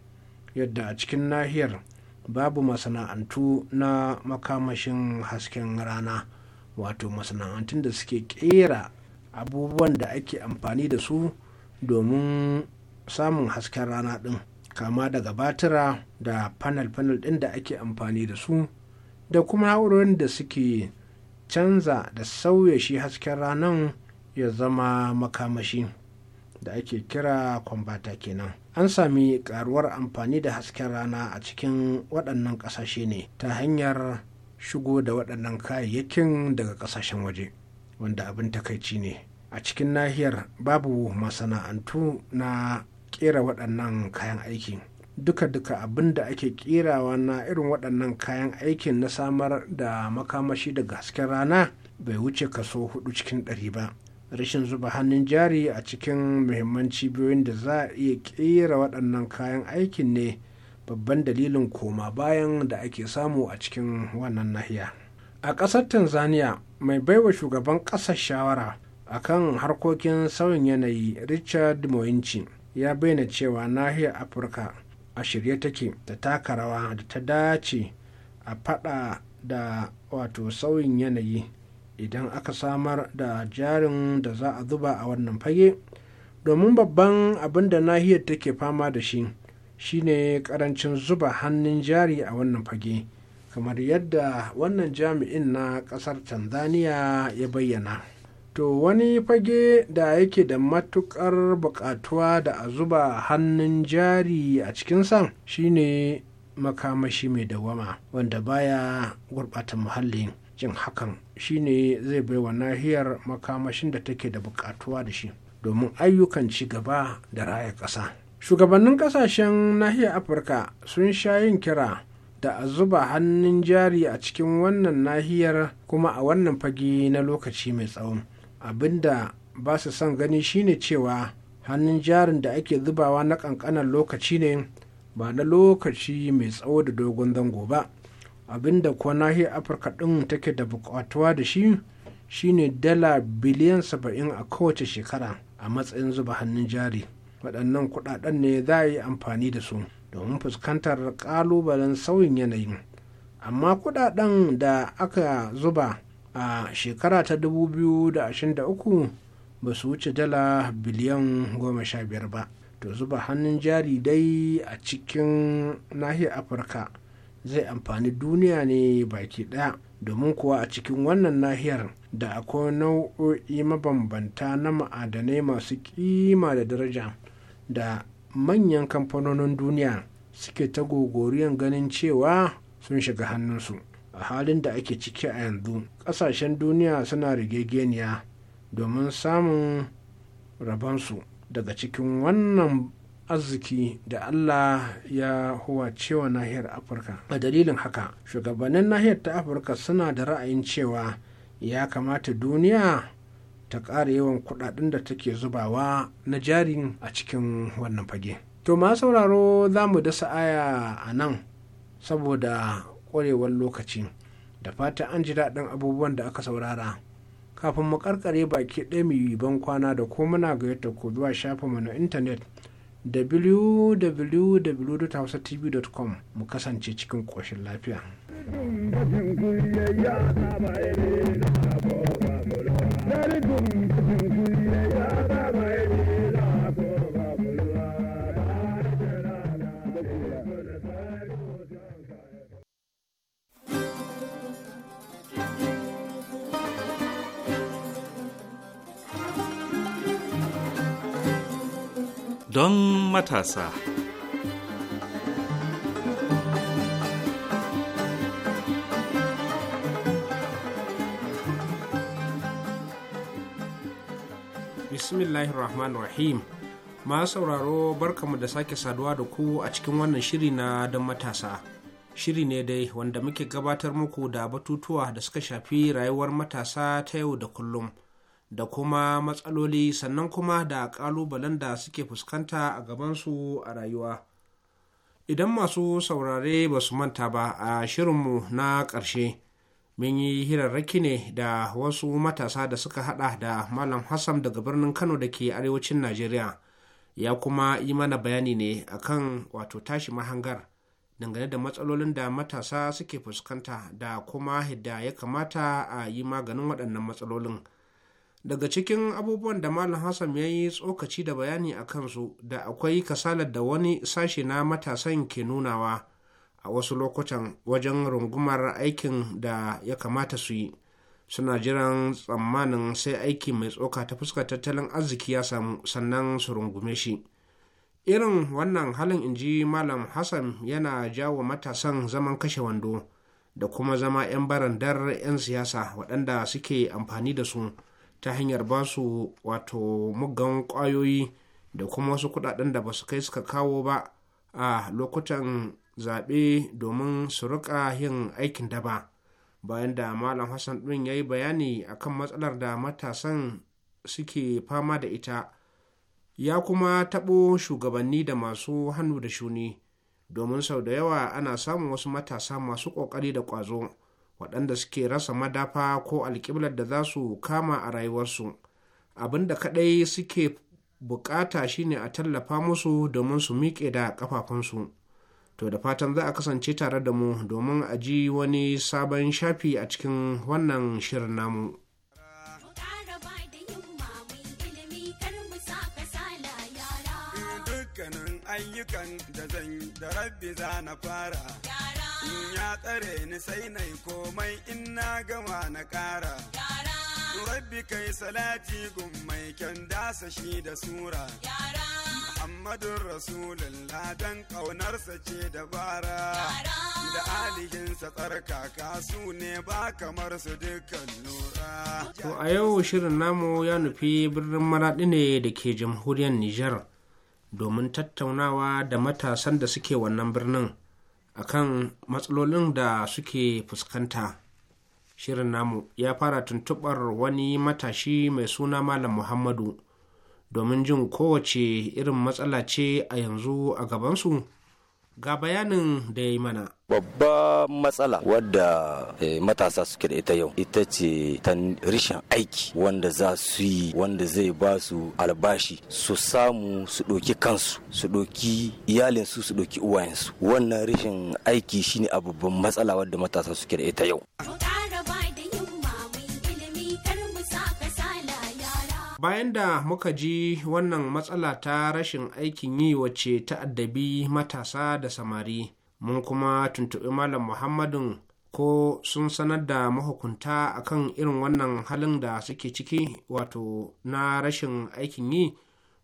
yadda a cikin nahiyar babu masana'antu na makamashin hasken rana wato masana'antun da suke kera abubuwan da ake amfani da su domin samun hasken rana ɗin kama daga batira da panel-panel ɗin da ake amfani da su da kuma na'urorin da suke canza da sauya shi hasken ranar ya zama makamashi da ake kira kwambata kenan an sami karuwar amfani da hasken rana a cikin waɗannan ƙasashe ne ta hanyar shigo da waɗannan kayayyakin daga ƙasashen waje wanda abin takaici ne a cikin nahiyar babu masana'antu na kera waɗannan kayan aikin. duka-duka abin da ake kerawa na irin waɗannan kayan aikin na samar da makamashi daga hasken rana bai wuce kaso hudu cikin ɗari ba rashin zuba hannun jari a cikin muhimman cibiyoyin da za a iya kera waɗannan kayan aikin ne babban dalilin koma bayan da ake samu a cikin wannan nahiya. a ƙasar tanzania mai baiwa shugaban ƙasar shawara a kan harkokin sauyin yanayi richard moyinci ya bayyana cewa nahiyar afirka a shirye take ta taka rawa da ta dace a fada da wato sauyin yanayi idan aka samar da jarin da za a zuba a wannan fage domin babban abin da nahiyar take fama da shi shine karancin zuba hannun jari a wannan fage kamar yadda wannan jami'in na kasar tanzania ya bayyana to wani fage da yake da matukar bukatuwa da a zuba hannun jari a cikin cikinsa shine makamashi mai dawama wanda baya gurbata muhalli jin hakan shine zai baiwa nahiyar makamashin da take da bukatuwa da shi domin ayyukan ci gaba da raya ƙasa shugabannin kasashen nahiyar afirka sun sha yin kira da a zuba hannun jari a cikin wannan nahiyar kuma a wannan fagi na lokaci mai tsawon abinda ba su son gani shine cewa hannun jarin da ake zubawa na kankanan lokaci ne ba na lokaci mai tsawo da dogon zango ba abinda kuwa nahiyar afirka ɗin take da buƙatuwa da shi shine dala biliyan saba'in a kowace shekara a matsayin zuba hannun jari waɗannan kuɗaɗen ne za a yi amfani da su domin fuskantar kalubalen sauyin yanayin amma kudaden da aka zuba a shekara ta 2023 ba su wuce dala biliyan 15 ba to zuba hannun jari dai a cikin nahiyar afirka zai amfani duniya ne baki daya domin kuwa a cikin wannan nahiyar da akwai nau'o'i mabambanta na ma'adanai masu kima da daraja da manyan kamfanonin duniya suke ta gogoriyan ganin cewa sun shiga hannunsu a halin da ake ciki a yanzu ƙasashen duniya suna rigegeniya domin samun rabonsu daga cikin wannan arziki da Allah ya cewa nahiyar Afirka. A dalilin haka, shugabannin nahiyar ta Afirka suna da ra'ayin cewa ya kamata duniya ta ƙara yawan kuɗaɗen da take zubawa na jari a cikin wannan fage. To ma sauraro za mu dasa aya a nan saboda ƙwarewar lokaci da fata an ji daɗin abubuwan da aka saurara. Kafin mu ƙarƙare baki ɗaya mu yi ban kwana da ko muna gayyata ku zuwa mu na intanet www.hausatv.com mu kasance cikin ƙoshin lafiya. don matasa. bismillahirrahmanirrahim rahim masu sauraro barkamu da sake saduwa da ku a cikin wannan shiri na don matasa shiri ne dai wanda muke gabatar muku da batutuwa da suka shafi rayuwar matasa ta yau da kullum da kuma matsaloli sannan kuma da kalubalen da suke fuskanta a gabansu a rayuwa idan masu saurare ba su manta ba a shirinmu na ƙarshe mun yi hirarraki ne da wasu matasa da suka hada da malam hassan daga birnin kano da ke arewacin najeriya ya kuma yi mana bayani ne akan wato tashi mahangar dangane da matsalolin da matasa suke fuskanta da kuma yadda ya kamata a yi maganin waɗannan matsalolin daga cikin abubuwan da malam hassan ya yi tsokaci da bayani a kansu da akwai kasalar da wani sashe na matasan ke nunawa a wasu lokutan wajen rungumar aikin da ya kamata su yi suna jiran tsammanin sai aiki mai tsoka ta fuskar tattalin arziki ya samu sannan su rungume shi irin wannan halin inji malam hassan yana jawo matasan zaman kashe wando da kuma zama 'yan barandar 'yan siyasa waɗanda suke amfani da su ta hanyar ba su wato muggan ƙwayoyi da kuma wasu kuɗaɗen da ba su kai suka kawo ba a lokutan zaɓe domin su riƙa yin aikin daba bayan da malam hassan ɗin ya yi bayani a kan matsalar da matasan suke fama da ita ya kuma taɓo shugabanni da masu hannu da shuni domin sau da yawa ana samun wasu matasa masu ƙoƙari da ƙwazo waɗanda suke rasa madafa ko alƙiblar da za su kama a rayuwarsu abin da kaɗai suke buƙata shine a tallafa musu domin su miƙe da ƙafafunsu. To da fatan za a kasance tare da mu domin a ji wani sabon shafi a cikin wannan shirin namu. ayyukan da zan da rabbi za na fara. In ya tsare ni sai na komai in na gama na ƙara. Yara. rabbi kai salati gun mai kyan dasa shi da sura yara muhammadun rasulullah dan ƙaunarsa ce dabara da alihinsa tsarkaka su ne ba kamar su dukkan nura to a yau shirin namu ya nufi birnin maraɗi ne da ke jamhuriyar nijar domin tattaunawa da matasan da suke wannan birnin akan matsalolin da suke fuskanta shirin namu ya fara tuntuɓar wani matashi mai suna malam muhammadu domin jin kowace irin matsala ce a yanzu a gabansu ga bayanin da ya yi mana babba matsala wadda eh, matasa suke da ita yau ita ce ta rishin aiki wanda za su yi wanda zai ba su albashi su samu su ɗoki kansu su ɗoki iyalinsu su ɗoki uwayensu wannan rishin aiki shine a babban matsala wadda matasa suke da ita yau bayan da muka ji wannan matsala ta rashin aikin yi wacce ta addabi matasa da samari mun kuma tuntuɓi malam muhammadin ko sun sanar da mahukunta akan irin wannan halin da suke ciki wato na rashin aikin yi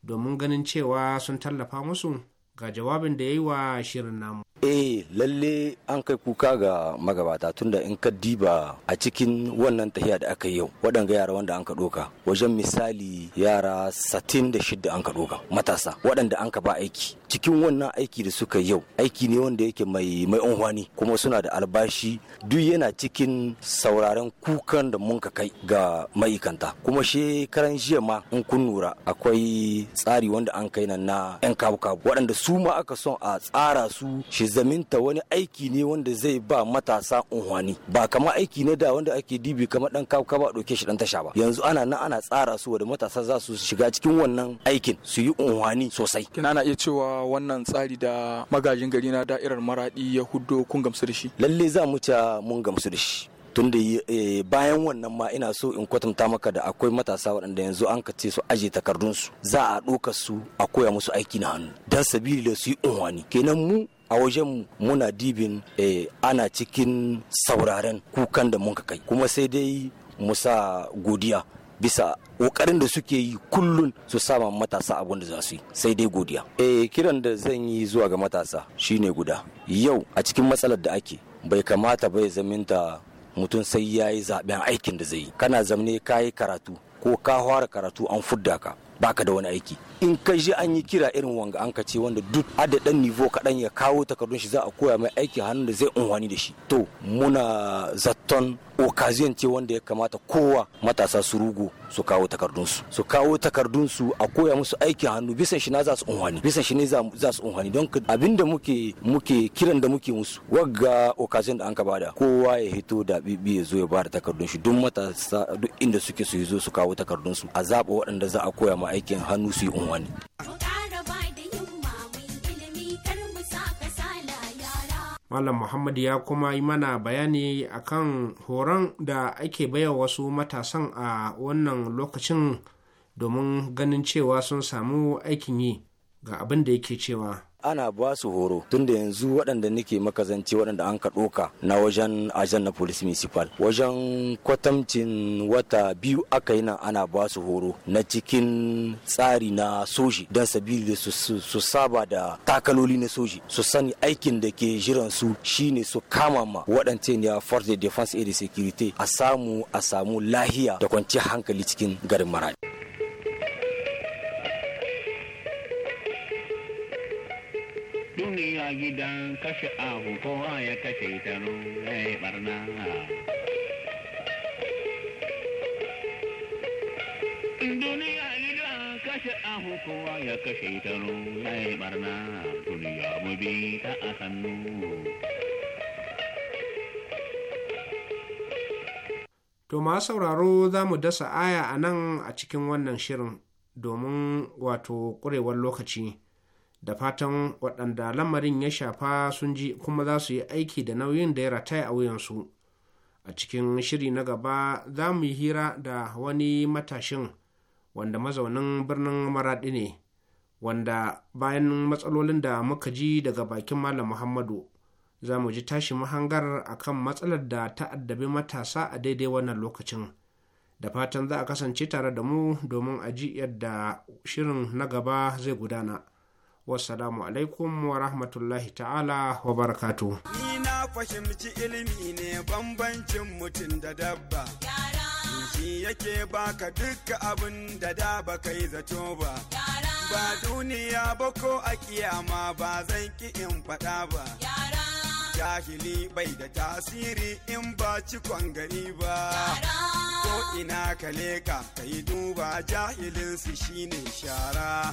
domin ganin cewa sun tallafa musu ga jawabin da ya yi wa shirin namu eh lalle an kai kuka ga magabata tunda in ka diba a cikin wannan tahiya da aka yi yau waɗanga yara wanda an ka ɗoka wajen misali yara satin da shidda an ka ɗoka matasa waɗanda an ka ba aiki cikin wannan aiki da suka yau aiki ne wanda yake mai mai unhwani kuma suna da albashi duk yana cikin sauraren kukan da mun ka kai ga ma'ikanta kuma shekaran jiya ma in kun nura akwai tsari wanda an kai nan na 'yan kabu-kabu waɗanda su ma aka son a tsara su shi zaminta wani aiki ne wanda zai ba matasa unhwani ba kama aiki na da wanda ake dibi kamar dan kawo kaba ɗauke shi dan tasha ba yanzu ana nan ana tsara su da matasa za su shiga cikin wannan aikin su yi unhwani sosai kina ana iya cewa wannan tsari da magajin gari na da'irar maradi ya huddo kun gamsu da shi lalle za mu ta mun gamsu da shi tunda eh, bayan wannan ma ina so in kwatanta maka da akwai matasa waɗanda yanzu an ka ce su aje takardunsu za a ɗoka su a koya musu aiki na hannu don sabili da su yi unwani kenan mu a wajen muna dibin eh, ana cikin sauraren kukan da muka kai kuma sai dai musa godiya bisa ƙoƙarin da suke yi kullun su sama matasa abin da za su yi sai dai godiya eh kiran da zan yi zuwa ga matasa shine guda yau a cikin matsalar da ake bai kamata bai zaminta mutum sai ya yi zaɓen aikin da zai yi kana zamne ka yi karatu ko ka fara karatu an fudda ka baka da wani aiki in kai je an yi kira irin wanga an kace wanda duk adadin nivo kaɗan ya kawo takardun shi za a koya mai aiki hannun da zai unwani da shi to muna zaton okazion ce wanda ya kamata kowa matasa su rugo su kawo takardunsu su kawo takardunsu a koya musu aiki hannu bisan shi na za su unwani bisan shi ne za su unwani don abin da muke muke kiran da muke musu wagga okazion da an ka bada kowa ya hito da bibi ya zo ya bada takardun shi duk matasa duk inda suke su zo su kawo takardunsu a zaba waɗanda za a koya ma aikin hannu su yi wani. Malam Muhammad ya kuma yi mana bayani akan horon da ake baya wasu matasan a wannan lokacin domin ganin cewa sun samu aikin yi ga abin da yake cewa. ana ba su horo tunda yanzu waɗanda nake makazanci waɗanda an ka ɗoka na wajen ajan na police municipal wajen kwatamcin wata biyu aka yi nan ana ba su horo na cikin tsari na soji don sabili su saba da takaloli na soji su sani aikin da ke jiran su shine su kama ma waɗance ne force de defense et de a samu a samu lahiya da kwanciyar hankali cikin garin marani duniya gidan kashe abu kowa ya kashe ta ya barna duniya gidan kashe abu kowa ya kashe ta ya barna duniya mu bi ta a hannu To ma sauraro za mu dasa aya a nan a cikin wannan shirin domin wato ƙurewar lokaci. da fatan waɗanda lamarin ya shafa sun ji kuma za su yi aiki da nauyin da ya rataya a wuyansu a cikin shiri na gaba za mu yi hira da wani matashin wanda mazaunin birnin maraɗi ne wanda bayan matsalolin da muka ji daga bakin malam muhammadu za mu ji tashi mahangar a kan matsalar da ta matasa a daidai wannan lokacin da fatan za a kasance tare da mu domin a ji yadda shirin na gaba zai gudana. wassalamu alaikum wa rahmatullahi ta'ala wa barakatu ni na fahimci ilimi ne bambancin mutum da dabba shi yake baka duka abin da da baka yi zato ba ba duniya ba ko a kiyama ba zan ki in faɗa ba jahili bai da tasiri in ba cikon gari ba ko ina ka leka ka yi duba jahilin su shine shara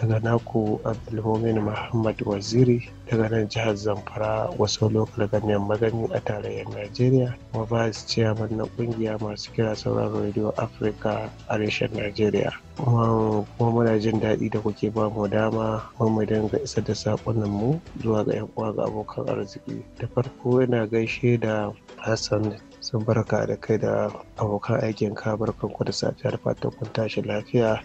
daga naku abdulmumin muhammad waziri daga nan jihar zamfara wasu lokal ganyen magani a tarayyar najeriya kuma vice chairman na kungiya masu kira sauran radio Afirka a reshen najeriya kuma muna jin daɗi da kuke ba mu dama mun mu dinga isa da saƙonan mu zuwa ga yan uwa ga abokan arziki da farko ina gaishe da hassan sun barka da kai da abokan aikin ka barkan da safiyar fatan kun tashi lafiya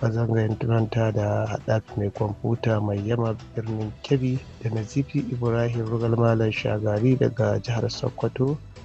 a zangayen da haɗaf mai kwamfuta mai yama birnin kebbi da nazifi ibrahim rugal malam shagari daga jihar sokoto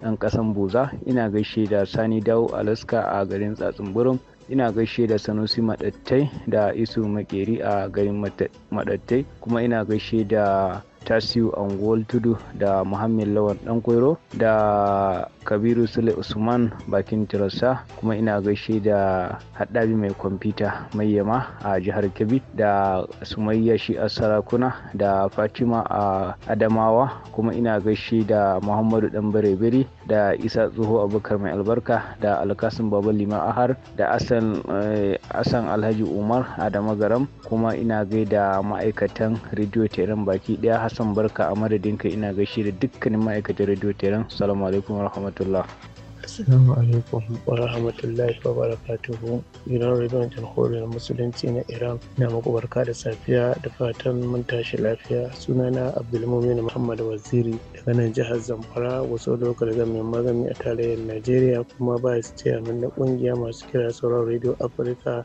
ɗan ƙasan Buza, ina gaishe da Sani Dawo Alaska a garin Tsatsunburum, ina gaishe da Sanusi Maɗattai da Isu Makeri a garin madattai kuma ina gaishe da tasiu angol tudu da muhammed lawan dan koiro da kabiru sule usman bakin tirasa kuma ina gaishe da haɗabi mai kwamfuta mai yama a jihar kebbi da sumayya shi a sarakuna da fatima a adamawa kuma ina gaishe da muhammadu dan bare da isa tsoho abubakar mai albarka da alkasin baba liman ahar da asan eh, alhaji umar adama garam kuma ina gaida ma'aikatan rediyo teran baki daya hassan barka a madadinka ina gaishe da dukkanin ma'aikatan rediyo teran salamu alaikum rahmatullah Assalamu alaikum wa rahmatullahi wa barakatuhu. Gidan rediyon jamhuriyar musulunci na Iran na muku barka da safiya da fatan mun tashi lafiya. Sunana Abdulmumin Muhammad Waziri maganar jihar zamfara wasu lokal gamin magani a tarayyar najeriya kuma ba su ce na kungiya masu kira sauran rediyo afirka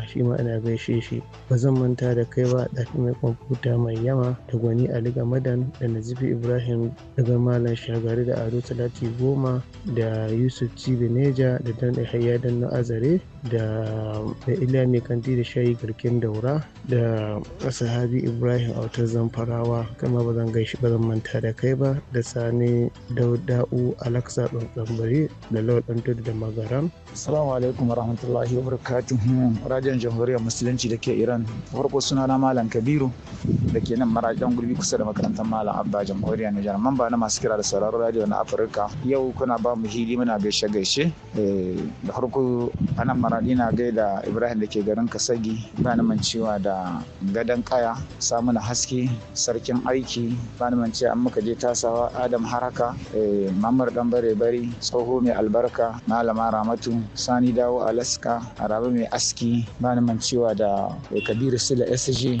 Shima shi ma ina gaishe shi. Ba zan manta da kai ba ɗaki mai kwamfuta mai yama da gwani Ali Gamadan da Nazifi Ibrahim daga Malam Shagari da Ado Talati Goma da Yusuf Cibi Neja da Dan Yahaya Dan na Azare da Iliya Mai Kanti da Shayi Garkin Daura da Sahabi Ibrahim Autar Zamfarawa kama ba zan gaishe ba zan manta da kai ba da Sani Dauda'u Alaksa Tsambari da Lawal Tudu da Magaram Assalamu alaikum wa rahmatullahi wa barakatuhu. Radiyon Jamhuriyar Musulunci da ke Iran. Farko suna na Malam Kabiru da ke nan marajan gurbi kusa da makarantar Malam Abba Jamhuriyar Nijar. Mamba na masu kira da sauraron radiyo na Afirka. Yau kuna ba mu hili muna gaishe gaishe. Eh, da farko anan maradi na gaida Ibrahim da ke garin Kasagi. Bani mancewa da gadon kaya, samu na haske, sarkin aiki. Bani mancewa an muka je tasawa Adam Haraka, eh, Mamar Dan Bare Bari, tsoho mai albarka, Malama Ramatu, Sani Dawo Alaska a rabe Mai Aski Bani Mancewa da Kabiru sila SG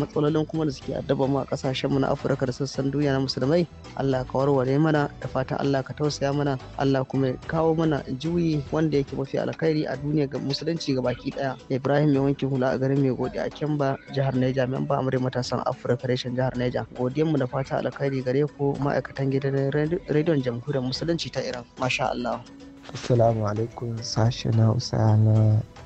matsalolin kuma da suke addaba mu a kasashen mu na Afirka da sassan duniya na musulmai Allah ka warware mana da fatan Allah ka tausaya mana Allah kuma ya kawo mana juyi wanda yake mafi alkhairi a duniya ga musulunci ga baki daya Ibrahim ya wanke hula a garin mai godi a Kemba jihar Niger memba amurai matasan Afirka reshen jihar Niger godiyar mu da fata alkhairi gare ku ma'aikatan gidan rediyon jamhuriyar musulunci ta Iran masha Allah Assalamu alaikum sashe na usa na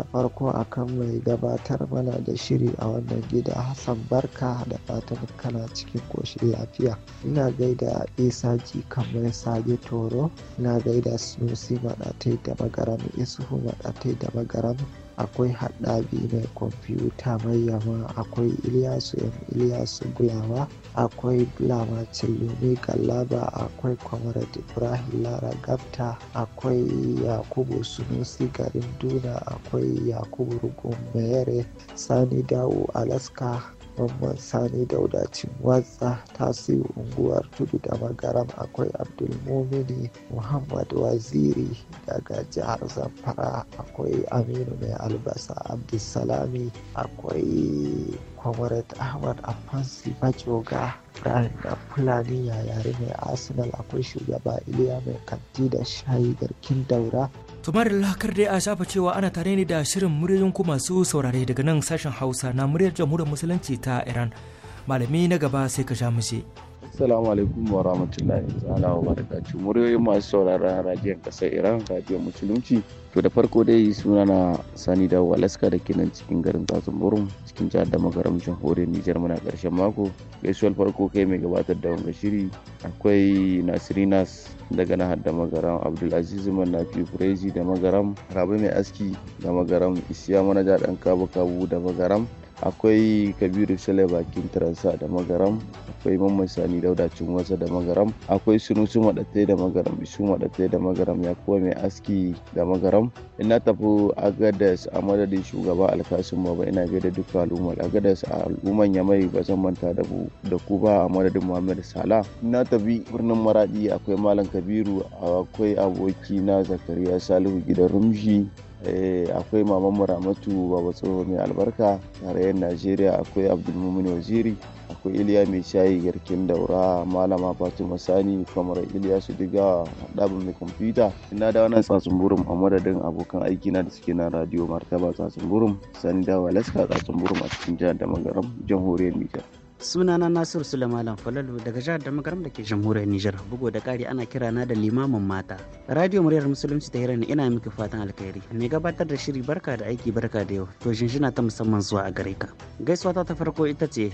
ta farko akan mai gabatar mana da shiri a wannan gida Hassan Barka da fatan kana cikin koshin lafiya. Ina gaida Isa Ji kamar Sage Toro, ina gaida Sunusi Maɗatai da Magaram Isuhu Maɗatai da Magaram akwai haɗabi mai kwamfuta mai yama akwai iliyasu yan iliyasu gulawa akwai bulawa cilomi galaba akwai comrade ibrahim lara gafta akwai yakubu sunusi garin duna akwai yakubu rugun mayere sani dawo alaska Mamman Sani Daudacin Watsa Tasiu unguwar Tudu da Magaram akwai Abdulmumini Muhammad Waziri daga jihar Zamfara akwai Aminu Mai Albasa Abdulsalami akwai Comrade Ahmad Afansi Bajoga Ibrahim da Fulani yayari mai Arsenal akwai shugaba Iliya mai kanti da shayi garkin daura tumarilla lakar dai a shafa cewa ana tare ne da shirin muryoyin ku masu saurare daga nan sashen hausa na muryar jamhuriyar musulunci ta iran malami na gaba sai ka sha mishi. Assalamu alaikum wa rahmatullahi ta'ala wa barakatuh. Muryoyin masu sauraron radiyon kasar Iran, radiyon musulunci. To da farko dai suna na Sani da Walaska da ke nan cikin garin Tsatsun cikin jihar da magaram jamhuriyar Nijar muna karshen mako. Gaisuwar farko kai mai gabatar da wanga shiri akwai Nasirinas daga nahar da magaram Abdulaziz Mannafi Furezi da magaram Rabi Mai Aski da magaram Isiya Manaja ɗan Kabu Kabu da magaram akwai Kabiru Sale Bakin Taransa da magaram akwai mamman sani dauda wasa da magaram akwai sunu sun madatai da magaram Sun madatai da magaram ya kuwa mai aski da magaram ina tafi agadas a madadin shugaba alkasun baba ina da duka al'ummar agadas a al'umman yamai ba zan manta da ku ba a madadin muhammad sala ina tafi birnin maradi akwai malam kabiru akwai aboki na zakariya salihu gidan rumshi Eh, akwai maman muramatu baba tsoho mai albarka tarayyar najeriya akwai abdulmumin waziri akwai iliya mai shayi garkin daura malama fatima sani kamar iliya su diga ɗabin mai kwamfuta ina da wannan tsatsun burum a madadin abokan aiki na da suke nan radio martaba tsatsun burum sani dawa laska tsatsun burum a cikin jihar da magaram jamhuriyar nijar sunana nasiru sulaiman falalu daga jihar da makaram da ke jamhuriyar nijar bugu da kari ana kira na da limamin mata radio muryar musulunci ta hirar ina miki fatan alkhairi mai gabatar da shiri barka da aiki barka da yau to shinshina ta musamman zuwa a gare ka gaisuwa ta farko ita ce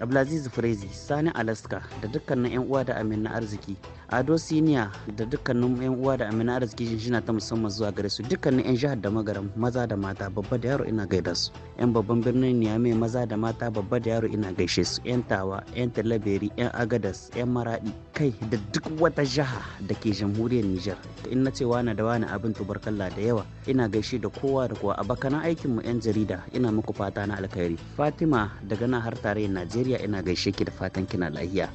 abdulaziz frezi sani alaska da dukkanin yan uwa da amin na arziki ado senior da dukkanin yan uwa da amina arziki shina ta musamman zuwa gare su dukkanin yan jihar da magaram maza da mata babba da yaro ina gaida su yan babban birnin niyame maza da mata babba da yaro ina gaishe su yan tawa yan talaberi yan agadas yan maradi kai da duk wata jiha da ke jamhuriyar niger in na ce wani da wani abin tubarkalla da yawa ina gaishe da kowa da kowa aikin aikinmu yan jarida ina muku fata na alkhairi fatima daga nan har tarayyar najeriya ina gaishe ki da fatan kina lahiya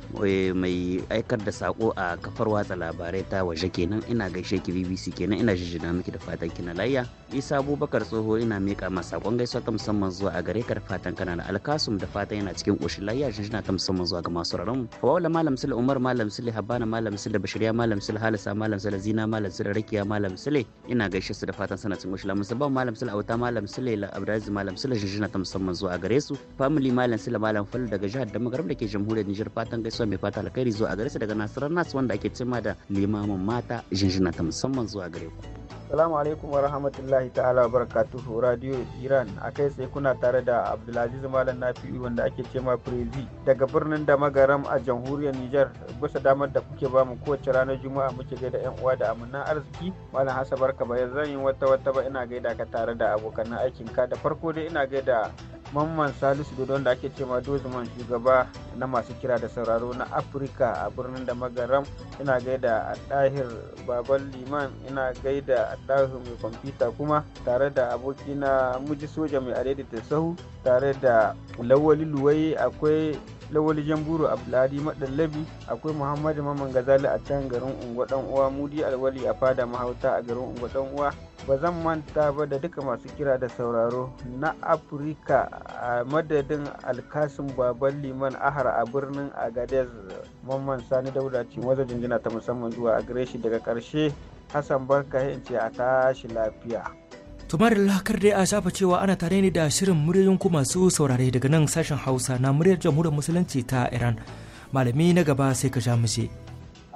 mai aikar da sako a kafar watsa labarai ta waje kenan ina gaishe ki BBC kenan ina jijjina miki da fatan ki na layya Isa Abubakar tsoho ina mika ma sakon gaisuwa ta musamman zuwa a gare ka da fatan kana da alkasum da fatan yana cikin koshin layya jijjina ta musamman zuwa ga masu raron Hawala Malam Sule Umar Malam Sule Habana Malam Sule Bashiriya Malam Sule Halisa Malam Sule Zina Malam Sule Rakiya Malam Sule ina gaishe su da fatan sana cikin koshin musamman Malam Sule Auta Malam Sule Abdulaziz Malam Sule jijjina ta musamman zuwa a gare su family Malam Sule Malam Fal daga jihar da da ke jamhuriyar Nijar fatan gaisuwa mai fata alkhairi zuwa a gare su daga Nasarar Nas wanda ake cima da limamin mata jinjina ta musamman zuwa gare ku. Salamu alaikum wa rahmatullahi ta'ala wa barakatuhu Radio Iran a kai sai kuna tare da Abdulaziz Malam Nafi'u wanda ake ce ma Prezi daga birnin da magaram a jamhuriyar Nijar bisa damar da kuke bamu kowace ranar Juma'a muke gaida yan uwa da amanan arziki Malam Hassan barka ba zan yi wata wata ba ina gaida ka tare da abokan aikin ka da farko dai ina gaida mamman salisu dodon da ake cewa dozman shugaba na masu kira da sauraro na afirka a birnin da magaram ina gaida a ɗahir baban liman ina gaida a ɗahir mai kwamfuta kuma tare da abokina muji soja mai da sahu tare da lawali luwai akwai lawali jamburu abdulladi madallabi akwai muhammadu mamman gazali a can garin unguwa dan uwa mudi alwali a fada mahauta a garin unguwa dan uwa ba zan manta ba da duka masu kira da sauraro na afirka a madadin alkasin baban liman ahar a birnin agadez mamman sani dauda ce waza jinjina ta musamman zuwa a daga karshe hassan barka ya ce a tashi lafiya tumar lakar dai a shafa cewa ana tare ne da shirin muryoyin ku masu saurare daga nan sashen hausa na muryar jamhuriyar musulunci ta iran malami na gaba sai ka sha mushe.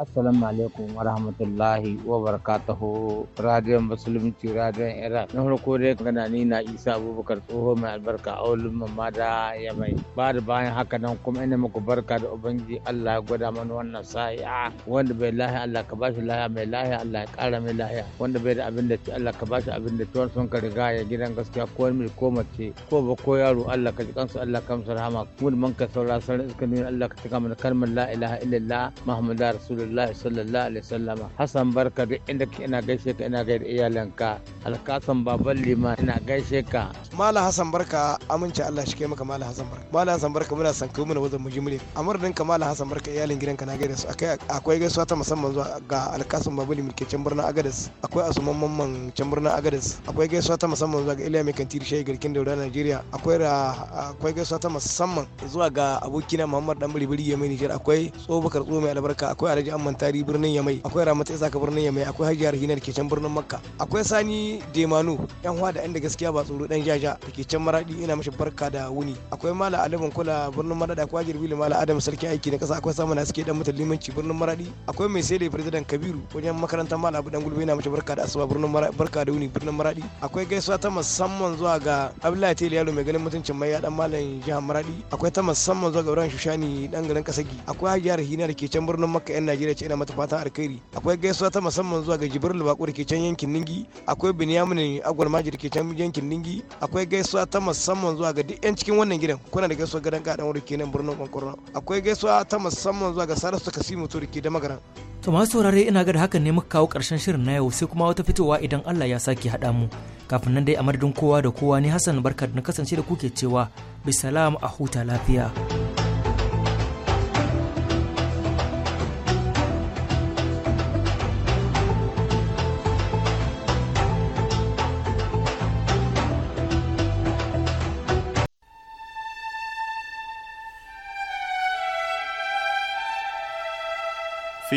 assalamu alaikum wa rahmatullahi wa barakatuhu radiyon musulunci radiyon iran na farko dai magana ni na isa abubakar tsoho mai albarka a wulin mamma da ya mai ba da bayan haka nan kuma ina muku barka da ubangiji allah ya gwada mana wannan sa'i'a wanda bai lahiya allah ka bashi lahiya mai lahiya allah ya kara mai lahiya wanda bai da abin da ci allah ka bashi abin da wani sun ka riga ya gidan gaskiya ko mil ko mace ko ba ko yaro allah ka ji kansu allah ka rahama kuma man ka saurara sanar iska nuna allah ka cika mana kalmar la ilaha illallah muhammadu rasulullah rasulullahi sallallahu alaihi wasallama hassan barka duk inda ka ina gaishe ka ina gaida iyalanka alkasan baban lima ina gaishe ka mala hassan barka amince Allah shi kai maka mala hassan barka mala hassan barka muna san kai muna wajen mujimure amur din ka mala hassan barka iyalin ka na gaida su akai akwai gaisuwa ta musamman zuwa ga alkasan baban lima ke can birnin agadas akwai asuman mamman can birnin agadas akwai gaisuwa ta musamman zuwa ga iliya mai kantiri shayi garkin daura najeriya akwai akwai gaisuwa ta musamman zuwa ga abokina muhammad dan biribiri ya mai nijar akwai tsobakar tso mai albarka akwai alhaji mantari birnin yamai akwai ramata isaka birnin yamai akwai hajiyar hinar ke can birnin makka akwai sani demanu yan hwa da inda da gaskiya ba tsoro dan jaja da can maradi ina mashi barka da wuni akwai mala alibin kula birnin maradi akwai hajiyar bilu mala adam sarki aiki na kasa akwai na haske dan mutan limanci birnin maradi akwai mai sai da president kabiru wajen makarantar mala abu dan gulbe ina mashi barka da asuba birnin maradi barka da wuni birnin maradi akwai gaisuwa ta musamman zuwa ga abdullahi tele yalo mai ganin mutuncin mai ya dan malam jihar maradi akwai ta musamman zuwa ga ibrahim shushani dan garin kasagi akwai hajiyar hinar ke can birnin makka yan Najeriya ce ina mata fatan alkhairi akwai gaisuwa ta musamman zuwa ga Jibril Bakur ke can yankin Ningi akwai Binyamin Agwal Majid ke can yankin Ningi akwai gaisuwa ta musamman zuwa ga duk yan cikin wannan gidan kuna da gaisuwa gadan gadan wuri kenan birnin Kwankwarno akwai gaisuwa ta musamman zuwa ga Salisu Kasimu to da ke da magaran To masu saurare ina ga da hakan ne muka kawo karshen shirin na yau sai kuma wata fitowa idan Allah ya sake hada mu. Kafin nan dai a madadin kowa da kowa ne Hassan barka na kasance da kuke cewa bisalamu a huta lafiya.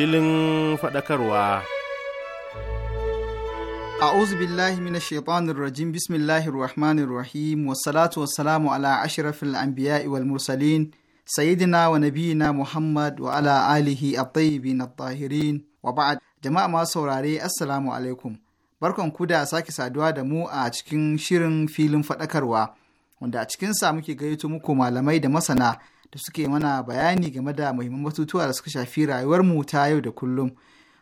filin faɗakarwa. A'udhu billahi minash shaitanir rajim bismillahir rahmanir rahim wassalatu wassalamu ala ashrafil anbiya'i wal mursalin sayyidina wa nabiyina Muhammad wa ala alihi at-tayyibin at-tahirin wa ba'd jama'a masu saurare assalamu alaikum barkan ku da sake saduwa da mu a cikin shirin filin faɗakarwa wanda a cikin sa muke gaito muku malamai da masana da suke mana bayani game da muhimman batutuwa da suka shafi rayuwarmu ta yau da kullum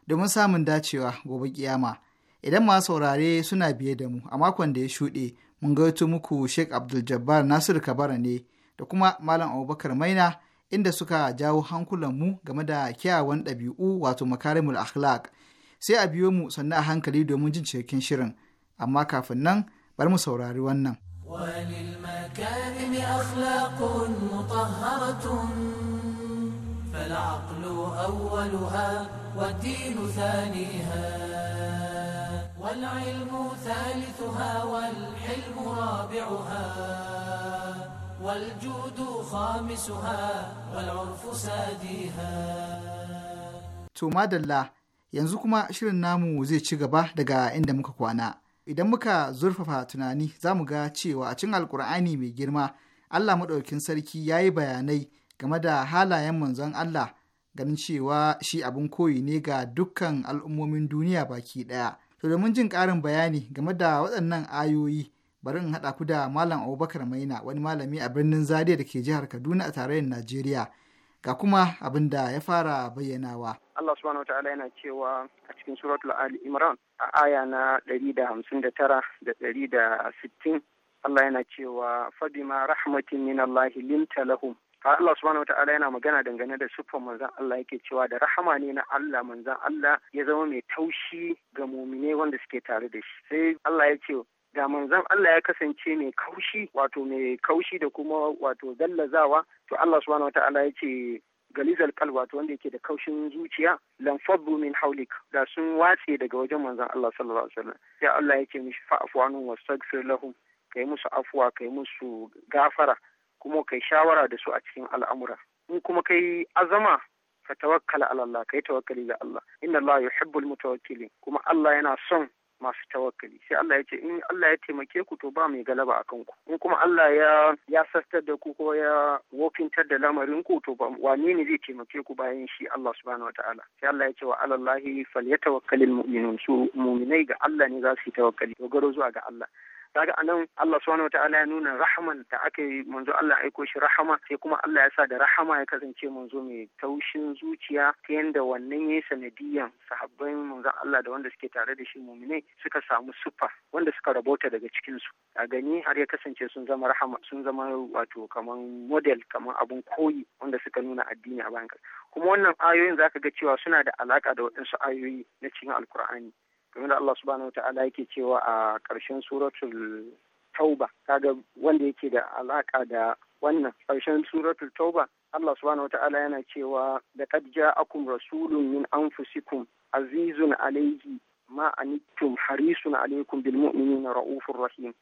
domin samun dacewa gobe kiyama idan ma saurare suna biye da mu a makon da ya shuɗe mun gaito muku sheikh abdul jabbar nasiru kabara ne da kuma malam abubakar maina inda suka jawo hankulan mu game da kiyawan ɗabi'u wato makarimul akhlaq sai a biyo mu sannan a hankali domin jin cikakken shirin amma kafin nan bari mu saurari wannan وللمكارم أخلاق مطهرة فالعقل أولها والدين ثانيها والعلم ثالثها والحلم رابعها والجود خامسها والعرف ساديها To madalla ينزكما kuma shirin زي zai دقا عند daga idan muka zurfafa tunani za mu ga cewa a cin alkur'ani mai girma allah maɗaukin sarki ya yi bayanai game da halayen manzon allah ganin cewa shi abin koyi ne ga dukkan al'ummomin duniya baki ɗaya to domin jin ƙarin bayani game da waɗannan ayoyi bari in haɗa ku da malam abubakar maina wani malami a birnin zaria da ke jihar kaduna a tarayyar najeriya ga kuma abin da ya fara bayyanawa Allah subhanahu wataala yana cewa a cikin suratul Ali Imran a aya na ɗari da hamsin da tara da ɗari da sittin Allah yana cewa fadima rahmatin min Allah linta lahum Allah subhanahu wataala yana magana dangane da siffar manzon Allah yake cewa da rahama ne na Allah manzon Allah ya zama mai taushi ga mumine wanda suke tare da shi sai Allah ya ce da manzon Allah ya kasance mai kaushi wato mai kaushi da kuma wato zallazawa to Allah subhanahu wataala ya ce Galizar qalb wanda yake da kaushin zuciya lam Bumin min haulik da sun watse daga wajen manzon Allah sallallahu alaihi wasallam ya Allah yake mishi fa'fu wastaghfir lahum kai musu afwa kai musu gafara kuma kai shawara da su a cikin al'amura in kuma kai azama ka tawakkala ala Allah kai tawakkali ga Allah inna Allah yuhibbul mutawakkilin kuma Allah yana son masu tawakkali sai Allah ya ce in Allah ya taimake ku to ba mai galaba akan ku in kuma Allah ya ya sastar da ku ko ya wofintar da lamarin ku to ba wane ne zai taimake ku bayan shi Allah subhanahu wataala sai Allah ya ce wa alallahi falyatawakkalul mu'minun su mu'minai ga Allah ne za su yi tawakkali dogaro zuwa ga Allah kaga anan Allah subhanahu wataala ya nuna rahaman da aka yi manzo Allah aiko shi rahama sai kuma Allah ya sa da rahama ya kasance manzo mai taushin zuciya ta yanda wannan yayi sanadiyan sahabban manzo Allah da wanda suke tare da shi mu'minai suka samu sufa wanda suka rabota daga cikin su a gani har ya kasance sun zama rahama sun zama wato kaman model kaman abun koyi wanda suka nuna addini a bayan kuma wannan ayoyin zaka ga cewa suna da alaka da waɗansu ayoyi na cikin alkur'ani game da Allah subhanahu wa ta'ala yake cewa a ƙarshen suratul tauba kaga wanda yake da alaka da wannan ƙarshen suratul tauba Allah subhanahu wata'ala yana cewa da qad ja'akum rasulun min anfusikum azizun alayhi ma anittum harisun alaykum bil mu'minina raufur rahim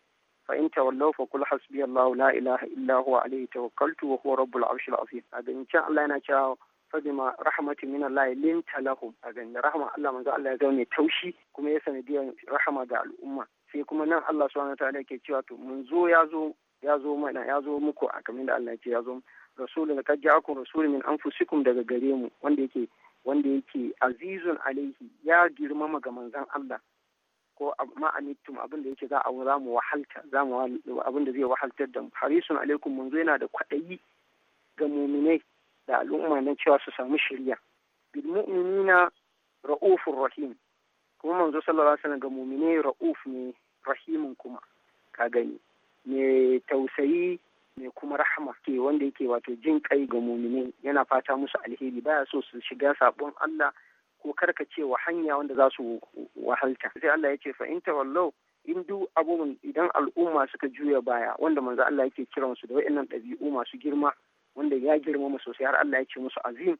fa in tawallaw fa qul hasbiyallahu la ilaha illa huwa alayhi tawakkaltu wa huwa rabbul arshil azim a Allah yana cewa fadima rahmatin min Allah linta lahum a ganin rahama Allah manzo Allah ya ga mai taushi kuma ya sanadiyar rahama ga al'umma sai kuma nan Allah subhanahu wataala yake cewa to mun zo ya zo ya zo mana ya zo muku a kamin da Allah ya ce ya zo rasulun ji ja'akum rasulun min anfusikum daga gare mu wanda yake wanda yake azizun alaihi ya girmama ga manzon Allah ko ma'anittum abin da yake za a za mu wahalta za mu abin da zai wahaltar da mu harisun alaikum mun zo yana da kwaɗayi ga muminai da al'umma na cewa su samu shirya bil mu'minina ra'ufur rahim kuma manzo sallallahu alaihi wasallam ga mu'mine ra'uf ne rahimun kuma ka gani me tausayi ne kuma rahama ke wanda yake wato jin kai ga mu'mine yana fata musu alheri baya so su shiga sabon Allah ko karkacewa hanya wanda za su wahalta sai Allah ya ce fa in tawallau in du abubuwan idan al'umma suka juya baya wanda manzo Allah yake kiran su da wa'annan ɗabi'u masu girma wanda ya girmama sosai har Allah ya ce musu azim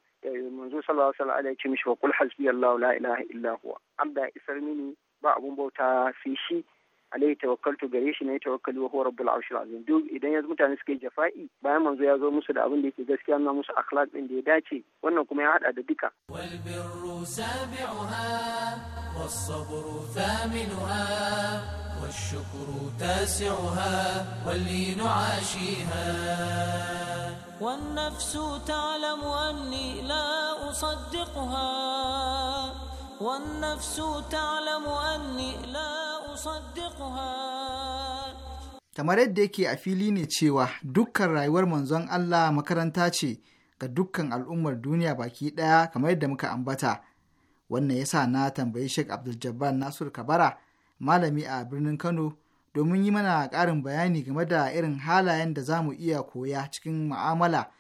manzo sallallahu alaihi wasallam ya ce mishi wa kul hasbiyallahu la ilaha illa huwa Allah isar mini ba abun bauta sai shi عليه توكلت وقريش انه يتوكل وهو رب العرش العظيم دوب اذا يزمت زمتا نسكي جفائي بايا من زيا زو موسى لابن ديكي جسكي انا موسى اخلاق من ديداتي وانا كما يعد عدد ديكا والبر سابعها والصبر ثامنها والشكر تاسعها واللين عاشيها والنفس تعلم اني لا اصدقها والنفس تعلم أني لا أصدقها kamar yadda yake a fili ne cewa dukkan rayuwar manzon Allah makaranta ce ga dukkan al'ummar duniya baki ɗaya kamar yadda muka ambata wannan sa na tambayi Sheikh Abdul Jabbar Nasir Kabara malami a birnin Kano domin yi mana ƙarin bayani game da irin halayen da za mu iya koya cikin ma'amala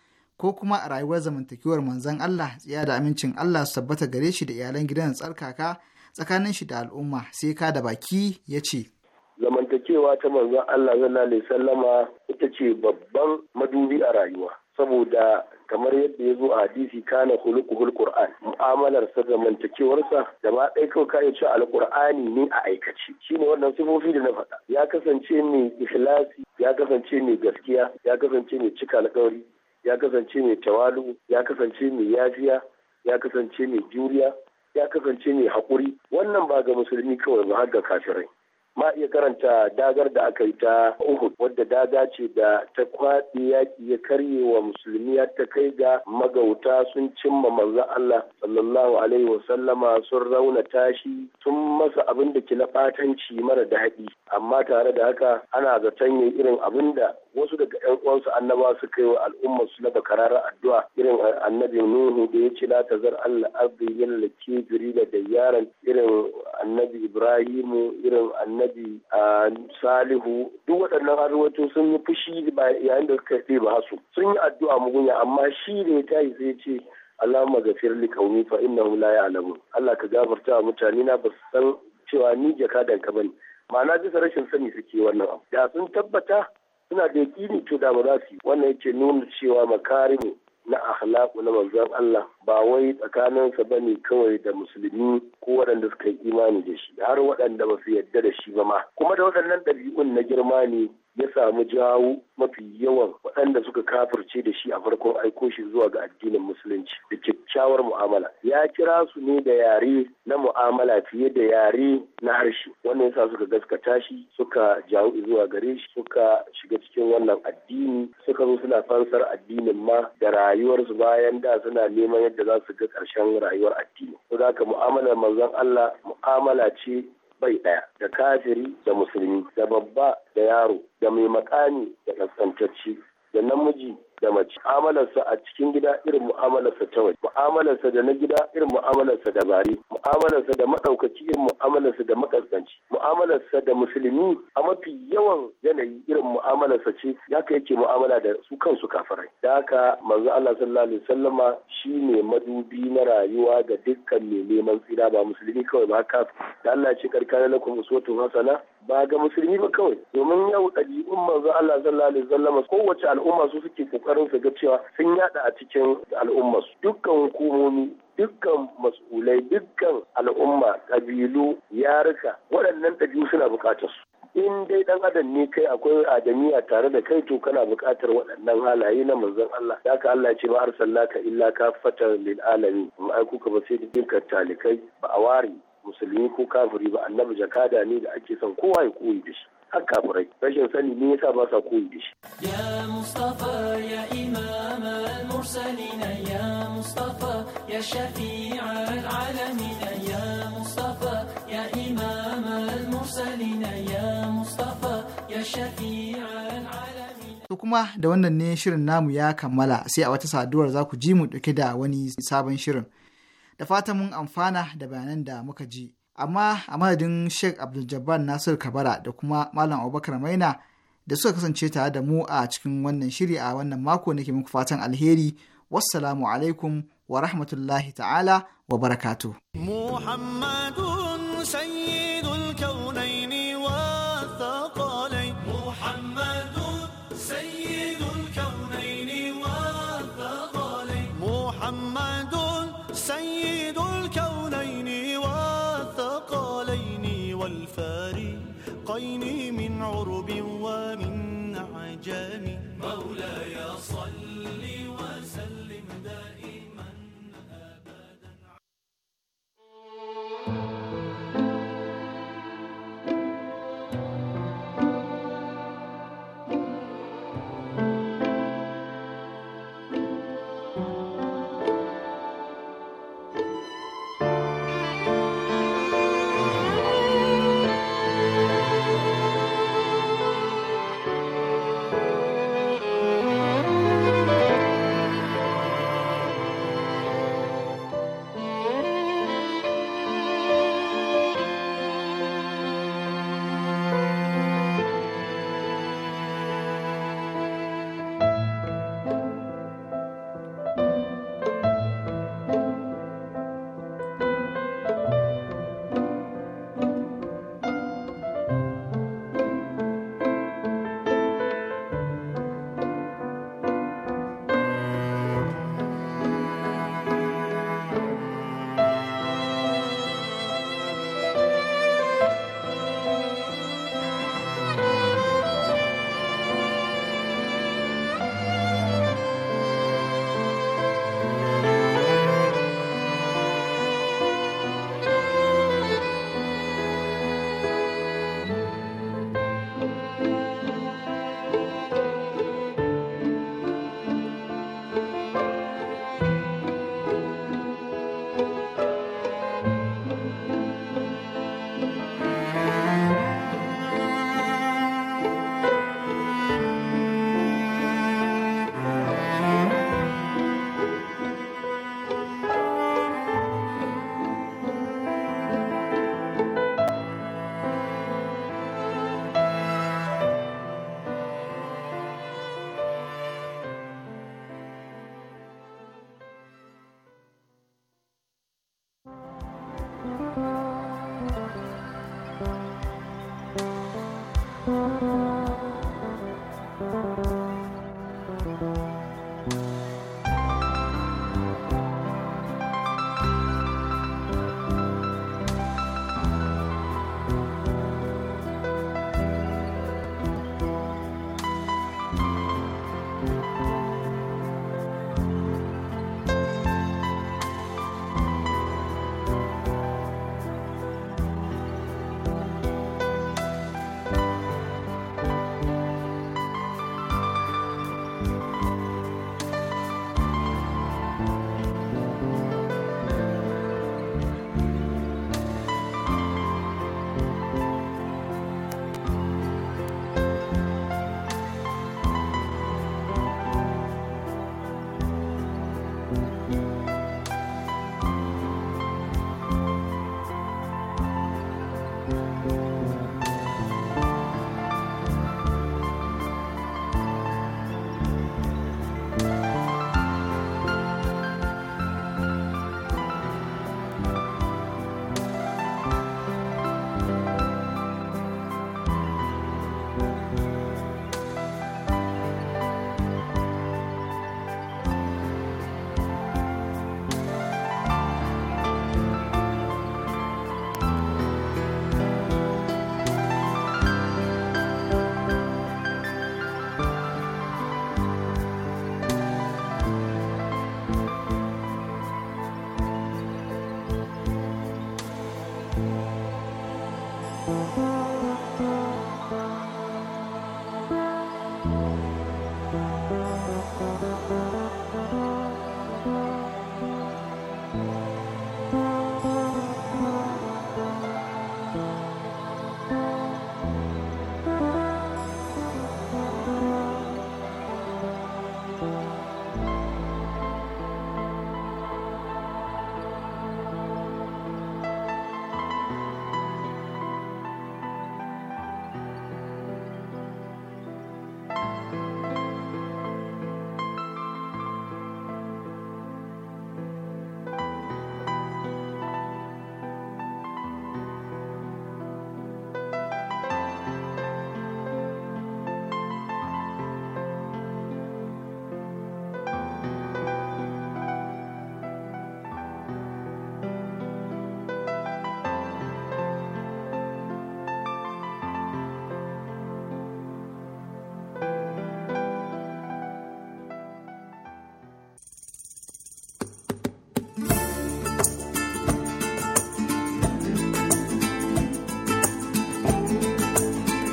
ko kuma a rayuwar zamantakewar manzon Allah tsiya da amincin Allah su tabbata gare shi da iyalan gidan tsarkaka tsakanin shi da al'umma sai ka da baki ya ce zamantakewa ta manzon Allah zana sallama ita ce babban madubi a rayuwa saboda kamar yadda ya zo a hadisi kana khuluquhul qur'an mu'amalar sa zamantakewarsa da ma dai kawai kai ce alƙur'ani ne a aikace shine wannan sifofi da na faɗa ya kasance mai ikhlasi ya kasance mai gaskiya ya kasance mai cika alƙawari ya kasance mai tawalu ya kasance mai yafiya ya kasance mai juriya ya kasance mai haƙuri wannan ba ga musulmi kawai ba har ga kafirai ma iya karanta dagar da aka yi ta Uhud wadda daga ce da ta kwaɗe yaƙi ya karye wa musulmi ya ta kai ga magauta sun cimma manzon Allah sallallahu alaihi wa sallama sun rauna tashi sun masa abin da ke na ɓatanci mara daɗi amma tare da haka ana zaton yin irin abin da wasu daga yan uwansu annaba suka yi wa al'umma su na bakararar addu'a irin eh, annabi nuhu da ya ce la tazar allah ardi yallaki da yaran irin annabi ibrahimu irin annabi ah, salihu duk waɗannan arwato sun yi fushi yayin da suka yi ba su sun yi addu'a mugunya amma shi ne ta yi sai ce Allahumma gafir li qaumi fa innahum la ya'lamun Allah ka gafarta wa mutane na ba su san cewa ni jaka jakadan ka bane ma'ana bisa rashin sani suke wannan abu da sun tabbata suna da yakini to da ba za su yi wannan yake nuna cewa makarimu na akhlaqu na manzon Allah ba wai tsakaninsa ba ne kawai da musulmi ko waɗanda suka yi imani da shi har waɗanda ba su yarda da shi ba ma kuma da waɗannan ɗabi'un na girma ne ya samu jawo mafi yawan waɗanda suka kafirce da shi a farkon aiko shi zuwa ga addinin musulunci da kyakkyawar mu'amala ya kira su ne da yare na mu'amala fiye da yare na harshe wannan yasa suka gaskata shi suka jawo zuwa gare shi suka shiga cikin wannan addini suka zo suna fansar addinin ma da rayuwarsu bayan da suna neman yadda za su ga ƙarshen rayuwar addini. za ka mu'amalar manzon Allah mu'amala ce bai ɗaya da kafiri da musulmi da babba da yaro da mai makami da ƙasƙantacci da namiji da mace mu'amalarsa a cikin gida irin mu'amalarsa ta waje mu'amalarsa da na gida irin mu'amalarsa da bari mu'amalarsa da maɗaukaci irin mu'amalarsa da makaskanci mu'amalarsa da musulmi a mafi yawan yanayi irin mu'amalarsa ce ya kai yake mu'amala da su kansu kafirai da haka manzo Allah sallallahu alaihi wasallama shine madubi na rayuwa ga dukkan mai neman tsira ba musulmi kawai ba haka da Allah ya ce karkare lakum uswatun hasana ba ga musulmi ba kawai domin yau ɗabi'un manzo Allah sallallahu alaihi wasallam kowace al'umma su suke kokarin su ga cewa sun yada a cikin al'ummarsu. su dukkan hukumomi dukkan mas'ulai dukkan al'umma ƙabilu yarika waɗannan ɗabi'u suna buƙatar su in dai dan adam ne kai akwai a tare da kai to kana buƙatar waɗannan halaye na manzon Allah ka Allah ce ba arsalaka illa ka fata lil alamin in ai kuka ba sai dukkan talikai ba a ware musulmi ko kafiri ba annabi jakada ne da ake son kowa ya koyi da shi har kafirai rashin sani ne yasa ba sa koyi da shi ya mustafa ya imam al mursalina ya mustafa ya shafi'a al alamin ya mustafa ya imam al mursalina ya mustafa ya shafi'a al to kuma da wannan ne shirin namu ya kammala sai a wata saduwar za ku ji mu dauke da wani sabon shirin da fatan mun amfana da bayanan da muka ji. Amma a madadin Sheikh Abdul Jabbar Nasir Kabara da kuma Malam Abubakar Maina da suka kasance tare da mu a cikin wannan shiri a wannan mako nake muku fatan alheri. Wassalamu alaikum wa rahmatullahi ta'ala wa barakatuh. Muhammadun sayyidul kaunain صلى